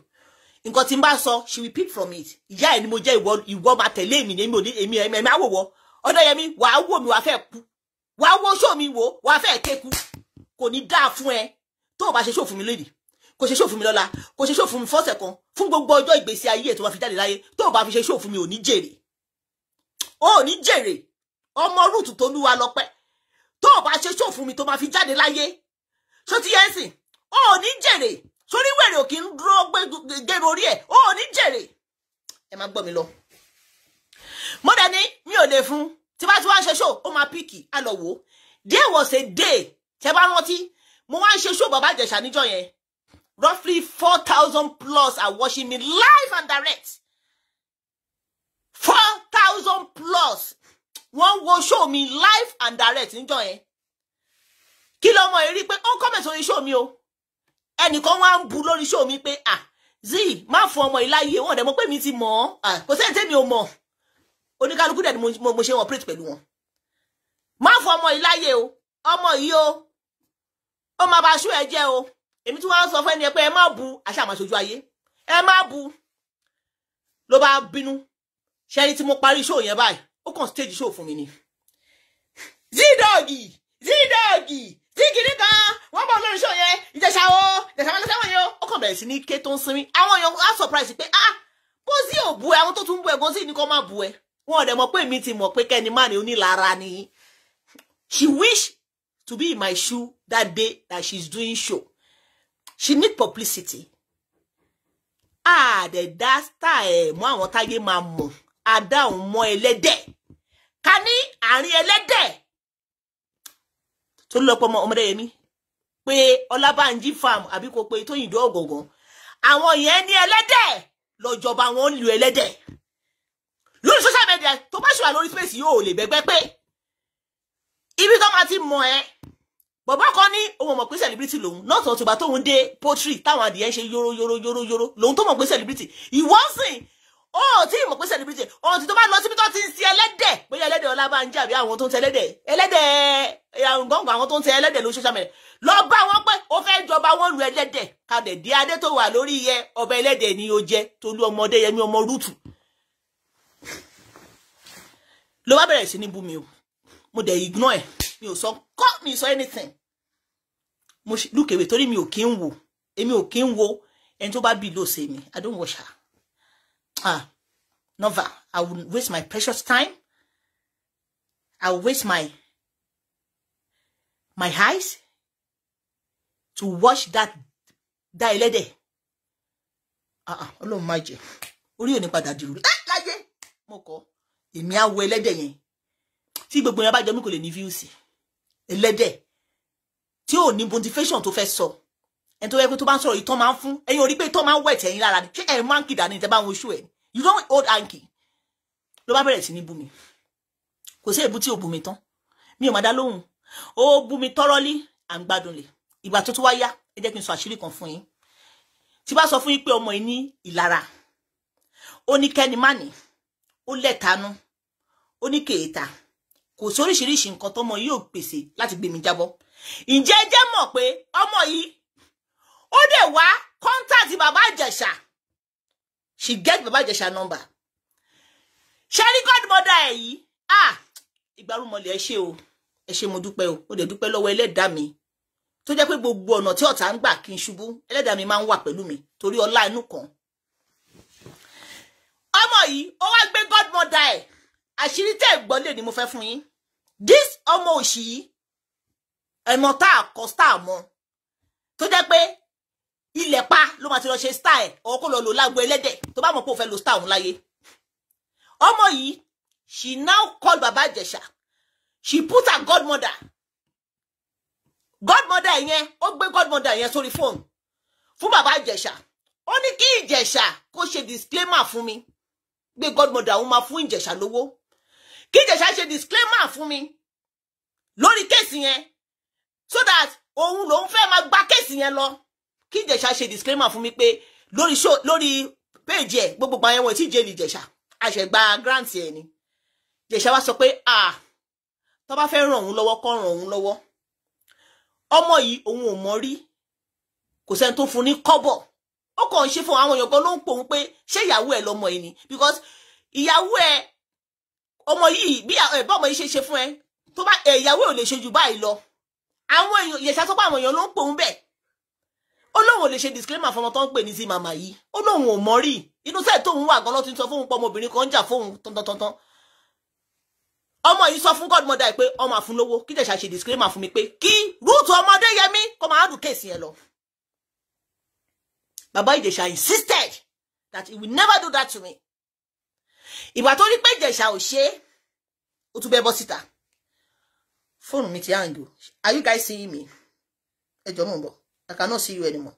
nǹkan tí n bá she will pick from it ìyá ẹ ni mo jẹ́ ìwọ ìwọ máa tẹ̀lé mi ní èmi ò ní èmi ẹ̀mí ẹ̀mí àwòwọ́ Ọdẹ́yẹmí wàá wò mí wàá fẹ́ kú wàá wo show mi wò wàá fẹ́ kéku kò ní dáa fún ẹ tó o bá show fún mi lónìí kò ṣe show fún mi lọ́la kò ṣe show fún mi fọ́sẹ̀ kan fún gbogbo ọjọ́ ìgbésí ayé ẹ̀ tó fi jáde láyé tó o fi ṣe show fún mi ò ní jèrè o ò ní jèrè ọmọ rúùtù tó lúwa lọ́pẹ́ tó o bá ṣe ṣòfún mi tó máa fi jáde láyé ṣó ti yẹ ń sìn o ò ní jèrè sórí wèrè ò kì í dúró gbèrò orí ẹ̀ o jèrè ẹ máa gbọ́ mi lọ. mo dẹ̀ ní mi ò lè fún tí bá ti wá ń ṣe ṣó ó máa píìkì á lọ wò ó there was a day tẹ bá rántí mo wá ń ṣe ṣó bàbá ìjẹ̀ṣà níjọ́ yẹn roughly four thousand plus are watching me live and direct four thousand plus wọ́n wo show mi live and direct níjọ́ yẹn kí lọ́mọ yìí rí pé ó ń comment orí show mi o ẹnìkan wá ń bu lórí show mi pé ah zi má fún ọmọ yìí láyé wọn ò dẹ̀ pé mi ti mọ̀ ọ́ ah, kò sẹ́yìn tẹ́mi ò mọ̀ oníkálukú dẹ̀ ni mo ṣe operate pẹ̀lú wọn má fún ọmọ yìí láyé o ọmọ yìí o ó máa bá aṣọ ẹ o èmi tí wọ́n sọ fún ẹni pé ẹ má bu àṣà àmàṣojú ayé ẹ má bu ló bá bínú ṣẹ́ni tí mo parí show yẹn báyìí ó kàn stage show fún mi ni zidọ́ọ̀gì zidọ́ọ̀gì zigidi kan wọ́n bọ̀ lórí show yẹn ìjẹ̀ṣà o ìjẹ̀ṣà máa ń sẹ́wọ̀n yẹn o ó kàn bẹ̀rẹ̀ sí ní ké tó ń sinmi àwọn èèyàn á surprise pé ah bó sí ò bu ẹ àwọn tó tún ń bu ẹ gan sí ni kò máa bu ẹ wọn ò dẹ̀ mọ̀ pé mi ti mọ̀ pé kẹ́ni má ni onílara ni she wish to be in my shoe that day that she's doing show she need publicity ah the dasta ẹ mọ àwọn táyé máa mọ̀ adáhùn mọ́ ẹlẹ́dẹ̀ ká ní àárín ẹlẹ́dẹ̀ tó lọ́pọ̀ ọmọ ọmọdé yẹmi pé ọlábànjí farm àbí kò pé tóyìndó ọ̀gọ̀ngàn àwọn yẹn ní ẹlẹ́dẹ̀ lọ́jọba wọn ń lu ẹlẹ́dẹ̀ lórí social media tó bá ṣùgbọ́n lórí space yóò lè bẹ́gbẹ́ pé ibi tó máa ti mọ̀ ẹ́ bọ̀bọ́ kan ní òun mọ̀ pé celebrity lòun náà tó tó bá tóun dé poultry táwọn adìyẹ ń ṣe yóró yóró yóró yóró lòun tó mọ̀ pé celebrity ìwọ́sìn ó tí ì mọ̀ pé celebrity ọ̀n tí tó bá lọ síbi tó ti ń ṣe ẹlẹ́dẹ̀ bóyá ẹlẹ́dẹ̀ Ọlábánjí àbí àwọn tó ń ṣe ẹlẹ́dẹ̀ ẹlẹ́dẹ̀ um, gbọ̀ngàn àwọn tó ń ṣe ẹlẹ́dẹ̀ ló social media lọ bá wọn pé ó fẹ́ jọba wọn lu ẹlẹ́dẹ̀ kadẹ̀ dé adé tó wà lórí iye ọba ẹlẹ́dẹ̀ ni ó jẹ́ Tolú ọmọdé yẹmi ọmọ rúùtù ló bá bẹ̀rẹ̀ sí ní bú mi o mo dẹ̀ ignore ẹ̀ mi ò sọ kọ́ mi sọ anything mo lùkèwé torí mi ò kí ń wo èmi ò kí ń wo ẹni tó bá bì lóòsè mi I don't wash her uh, Nova, I will waste my precious time. I will waste my my eyes to watch that that ẹlẹ́dẹ̀. Ah, ah, Ọlọ́run má jẹ́ orí ò ní padà dìrú láyé mo kọ́ èmi a wo ẹlẹ́dẹ̀ yẹn tí gbogbo yẹn bá jọ mí kò lè ní fíùsì ẹlẹ́dẹ̀ tí ò ní motivation tó fẹ́ sọ. So ẹni tó yẹ pé tó bá ń sọ̀rọ̀ ìtọ́ máa ń fún ẹ̀yin orí pé ìtọ́ máa ń ni ṣé ẹ̀ máa ń kìdà ní ìtẹ́ bá wọn oṣù you don't hold hanky Lo bá bẹ̀rẹ̀ sí ní bú mi kò sí èbú tí ò mi o mi ò má dá lóhùn ó bú mi tọ́rọ́lí à ń gbádùn lè ìgbà tó tún wá yá ẹ jẹ́ kí n sọ àṣírí kan fún yín tí bá sọ fún yín pé ọmọ yìí ní ìlara ó ní kẹ́ni má ní ó lẹ́tanú ó ní kèéta kò sí oríṣiríṣi nǹkan tọmọ yìí ò pèsè mi jábọ́ ǹjẹ́ ẹ jẹ́ mọ̀ pé ó dẹ̀ wá kọ́ńtàtì bàbá àjẹ̀ṣà she get bàbá àjẹ̀ṣà number ṣẹ́rí godmother ẹ̀ yìí ah ìgbárùmọ̀lẹ̀ ẹ ṣe o ẹ ṣe mo dúpẹ́ o ó dẹ̀ dúpẹ́ lọ́wọ́ ẹlẹ́dàá mi tó jẹ́ pé gbogbo ọ̀nà tí ọ̀tá ń gbà kí n ṣubú ẹlẹ́dàá mi máa ń wà pẹ̀lú mi torí ọlá inú kan ọmọ yìí ó wá gbé godmother ẹ̀ àṣírí tẹ́ ẹ̀ gbọ́ lè ní mo fẹ́ fún yín this ọmọ òṣì yìí ẹ̀mọ́ tá a kọ́ tá a mọ tó jẹ́ pé ilẹ̀ pa ló máa ti lọ ṣe star ẹ̀ lọ lò lágbo ẹlẹ́dẹ̀ tó bá mọ̀ pé ó fẹ́ lo star òun láyé ọmọ yìí she now called baba Ìjẹ̀ṣà she put her godmother godmother yẹn ó gbé godmother yẹn sórí phone. fún baba Ìjẹ̀ṣà ó ní kí Ìjẹ̀ṣà kó ṣe disclaimer fún mi gbé godmother òun máa fún Ìjẹ̀ṣà lówó kí Ìjẹ̀ṣà ṣe disclaimer fún mi lórí kéèsì yẹn so that òun lòun fẹ́ máa gba kéèsì yẹn lọ kí ìjẹ̀ṣà ṣe disclaimer fún mi pé lórí show lórí péèjì ẹ̀ gbogbo àyẹ̀wò tí jẹ́lì ìjẹ̀ṣà àṣẹ̀gbà grant ẹ̀ ni ìjẹ̀ṣà wá sọ pé ah tó bá fẹ́ ràn òun lọ́wọ́ kó ràn òun lọ́wọ́ ọmọ yìí òun ò mọ rí kò sẹ́ni tó fún ní kọ́bọ̀ ó kàn ṣe fún àwọn èèyàn kan ló ń pòun pé ṣé ìyàwó ẹ̀ lọmọ yìí ni because ìyàwó ẹ̀ ọmọ yìí bí ẹ̀bọ́ ọmọ yìí ṣe ṣe fún ẹ tó bá ìyàwó ẹ̀ ò lè ṣe jù báyìí lọ àwọn èèyàn ìyẹ̀ṣà tó bá àwọn èèyàn ló ń pòun bẹ́ẹ̀ ó lóun ò lè ṣe disclaimer fọmọ tó ń pè ní sí màmá yìí ó lóun ò mọ rí inú sẹ́ẹ̀ tóun wà gan lọ́tún sọ fóun pọ̀ ọmọbìnrin kan ń jà fóun tọ́ntọ́ntọ́ntọ́ ọmọ yìí sọ fún godmother yìí pé ọmọ àfun lówó kí jẹ̀ṣà ṣe disclaimer fún mi pé kí rúùtù ọmọdé yẹmí kó máa dùn kéèsì yẹn lọ. bàbá ìjẹ̀ṣà insisted that he will never do that to me. ìgbà tó rí pé ìjẹ̀ṣà ò ṣe é ó tún bẹ́ bọ́ síta. fóònù mi ti hang o are you guys seeing me? ẹ jọ mò ń bọ̀. I cannot see you anymore.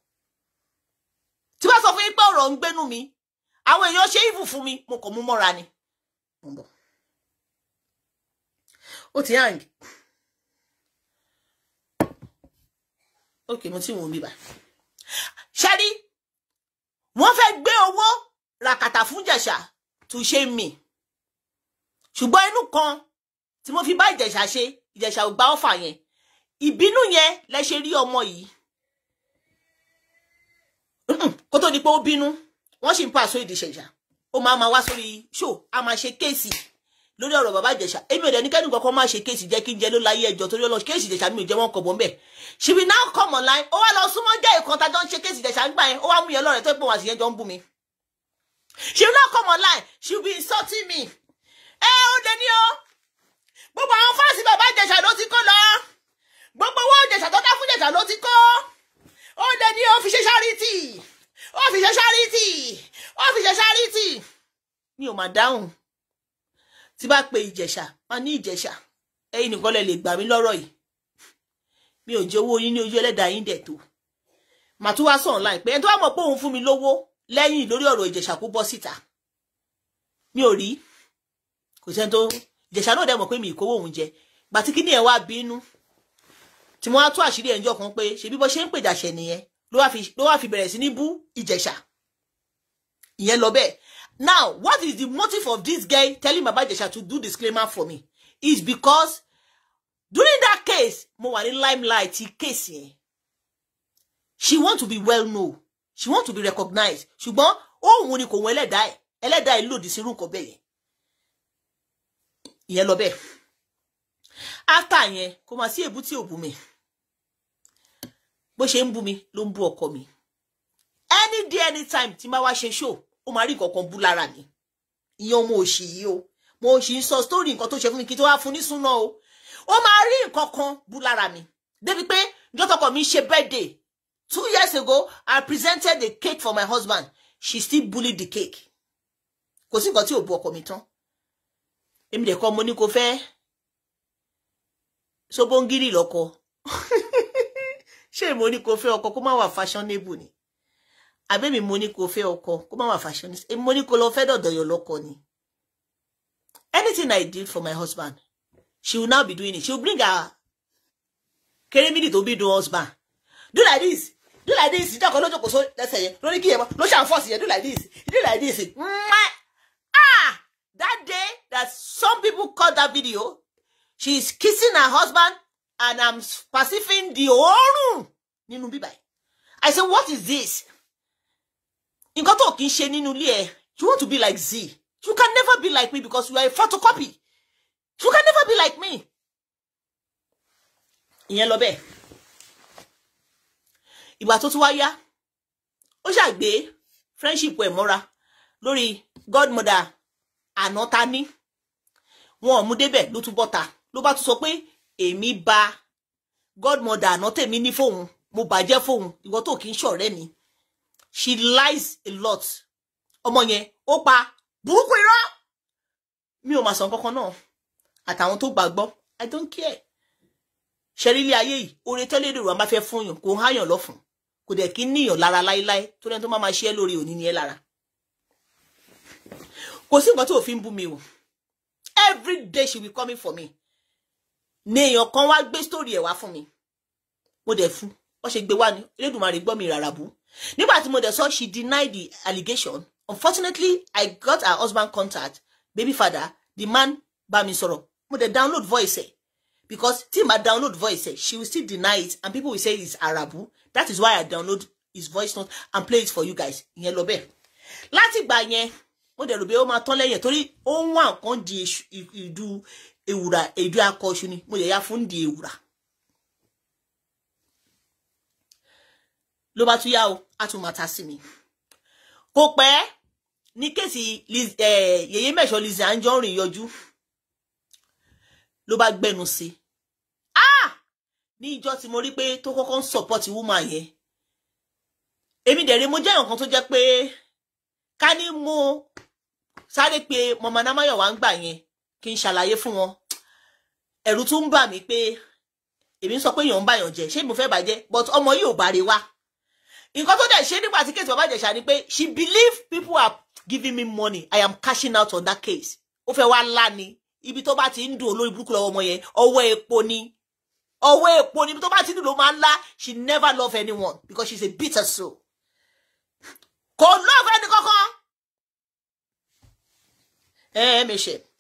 Tí bá sọ fún yín pé ọ̀rọ̀ ń gbénú mi, àwọn èèyàn ṣe ìfù fún mi, mo kò mú mọ́ra ni. Ó ti hang. Ok, mo ti wò mí bá. Ṣẹ́rí, wọ́n fẹ́ gbé owó ràkàtà fún Jẹ̀ṣà tó ṣe mí. Ṣùgbọ́n inú kan tí mo fi bá Ìjẹ̀ṣà ṣe, Ìjẹ̀ṣà ò gba ọ́fà yẹn. Ìbínú yẹn lẹ ṣe rí ọmọ yìí kó tó di pé ó bínú wọ́n sì ń pàṣọ ìdìṣẹ̀ṣà ó máa ma wá sórí ṣó a máa ṣe kéèsì lórí ọ̀rọ̀ bàbá ìjẹ̀ṣà èmi ò dẹ̀ nìkẹ́ni kankan máa ṣe kéèsì jẹ́ kí n jẹ́ ló láyé ẹjọ́ torí ọlọ́run kéèsì ìjẹ̀ṣà mi ò jẹ́ wọn kọ̀ bọ́ mbẹ́ she will now come online ó wá lọ súnmọ́ jẹ́ ìkan tájọ́ ń ṣe kéèsì ìjẹ̀ṣà ń gbà yẹn ó wá mú yẹn lọ́rẹ̀ tó pé wọn àṣìyẹn jọ ń bú mi she will now come online she will be insulting me ẹ ó dẹ ní o gbogbo àwọn fáàsì bàbá ìjẹ̀ṣà ló ti kó lọ gbogbo owó ìjẹ̀ṣà tó dá fún ìjẹ̀ṣà ló ti kó Oh lè ní ó fi ṣe ṣáríìtì ó fi ṣe ṣáríìtì ó fi ṣe ṣáríìtì mi ò mà dáhùn tí bá pe ìjẹ̀ṣà má ní ìjẹ̀ṣà ẹ̀yin nìkan lè lè gbà mí lọ́rọ̀ yìí mi ò jẹ owó yín ní ojú ẹlẹ́dàá yín dẹ̀ tó màá tún wá sọ online pé ẹni tó wà mọ̀ pé òun fún mi lówó lẹ́yìn lórí ọ̀rọ̀ ìjẹ̀ṣà kó bọ́ síta mi ò rí kò sẹ́ni tó ìjẹ̀ṣà náà dẹ̀ mọ̀ pé mi ìkówó òun jẹ gbàtí kíní ẹ̀ wá bínú tí wọ́n á tú àṣírí ẹ̀ kan pé ṣebí bó ṣe ń pèjàṣẹ̀ nìyẹn ló wá fi bẹ̀rẹ̀ sí ní bú ìjẹ̀ṣà ìyẹn lọ bẹ́ẹ̀ now what is the motive of this guy telling baba ìjẹ̀ṣà to do disclaimer for me is because during that case mo wà ní limelight case yẹn she want to be well known she want to be recognized ṣùgbọ́n òun ni kò wọ ẹlẹ́dàá ẹ̀ ẹlẹ́dàá ẹ̀ lòdì sí irú nǹkan bẹ́ẹ̀ yẹn ìyẹn lọ bẹ́ẹ̀ after yẹn kò mà sí èbúté òbú bó ṣe ń bú mi ló ń bú ọkọ mi any day anytime tí máa wá ṣe show ó máa rí nǹkan bú lára mi ìyẹn ọmọ òṣì yìí o mo sì ń sọ story nǹkan tó ṣe fún mi kí tó wá fún ní súná o ó máa rí nǹkan kan bú lára mi débi pé jọ́tọ̀kọ̀ mi ṣe birthday two years ago I presented a cake for my husband she still bullied the cake kò sí nǹkan tí ò bu ọkọ mi tán èmi dẹ̀ kọ́ mo ní kò fẹ́ sobongiri lọ́kọ. [LAUGHS] ṣé èmi ní kò fẹ́ ọkọ kó má wà fashionable ni àbẹ́mi mo ní kò fẹ́ ọkọ kó má wà fashionable mo ní kò lọ fẹ́ dọ̀dọ̀yọ̀ lọ́kọ ni anything I did for my husband she will now be doing it she will bring her kérémìdì tó bí do husband do like this do like this ìjọkọ lójó kò so lẹsẹ yẹn lórí kí yẹn mọ ló ṣàǹfọ̀sì yẹn do like this do like this ah that day that some people caught that video she is kissing her husband and I'm perceiving the oorun Ninu bi yìí. I say what is this? Nǹkan tó kì í ṣe nínú ilé you want to be like Z. You can never be like me because you are a photocopy. You can never be like me. Ìyẹn lọ bẹ́ẹ̀. Iba tó tún wá yá, ó ṣàgbé friendship we mora. lórí godmother àná ta ní. Wọn ò mú débẹ̀ ló tún bọ́ta ló bá tún èmi ba godmother àná tèmi ní fóun mo bàjẹ́ fóun ìwọ tó kì í ṣọ̀rẹ́ mi she lies a lot ọmọ yẹn ó pa burúkú irọ́ mi ò mà sàn kankan náà àtàwọn tó gbàgbọ́ i don't care ṣẹrílẹ̀ ayé yìí oore tẹ́lẹ̀ èrò wa máa fẹ́ fún yàn kò ń háyàn lọ́fun kò dẹ̀ kí níyàn lára láéláé tó lẹ́nu tó máa máa ṣe é lórí òní ni ẹ lára kò sí nǹkan tó fi bú mi o every day she will coming for me ní èèyàn kan wá gbé sítórì ẹ̀ wá fún mi mo dẹ̀ fún wọ́n ṣe gbé wá ní Elédùmarè gbọ́ mi rárá bú nígbà tí mo dẹ̀ sọ she deny the allegation unfortunately I got her husband contact baby father the man bá mi sọ̀rọ̀ mo dẹ̀ download voice ẹ̀ because tí n download voice ẹ̀ she will still deny it and people will say it's arabu that is why I download his voice note and play it for you guys ìyẹn lọ bẹ́ẹ̀ látìgbà yẹn mo dẹ̀ rò pé ó máa tán lẹ́yìn torí ó ń wá nǹkan di ìdú ewura edu akọ ṣu mo yẹ ya fún di ewura ló bá tún yá o á tún máa ta sí mi kò pẹ́ ní kéèsì eh, yèyé mẹ́sọ̀ Lizzy Anjorin yọjú ló bá gbẹnu sí ah! ní ìjọ tí mo rí pé tó kọ́kọ́ ń support woman yẹn èmi dẹ̀ mo jẹ́ nǹkan tó jẹ́ pé ká ní mo sáré pé mọ̀mọ́ wá ń gbà yẹn kí n ṣàlàyé fún wọn ẹ̀rù tún ń bà mí pé èmi sọ pé èèyàn ń bàyàn jẹ ṣé mo fẹ́ bàjẹ́ but ọmọ yìí ò bàrẹ̀ wá nǹkan tó dẹ̀ ṣe nígbà tí kéèsì bàbá ìjẹ̀ṣà ni pé she believe people are giving me money I am cashing out on that case ó fẹ́ wá ńlá ni ibi tó bá ti ń dùn olórí burúkú lọ́wọ́ ọmọ yẹn ọwọ́ epo ni ọwọ́ epo ni ibi tó bá ti ń dùn ló máa ń she never love anyone because she is a bitter soul kò love ẹni kankan ẹ ẹ mẹṣẹ.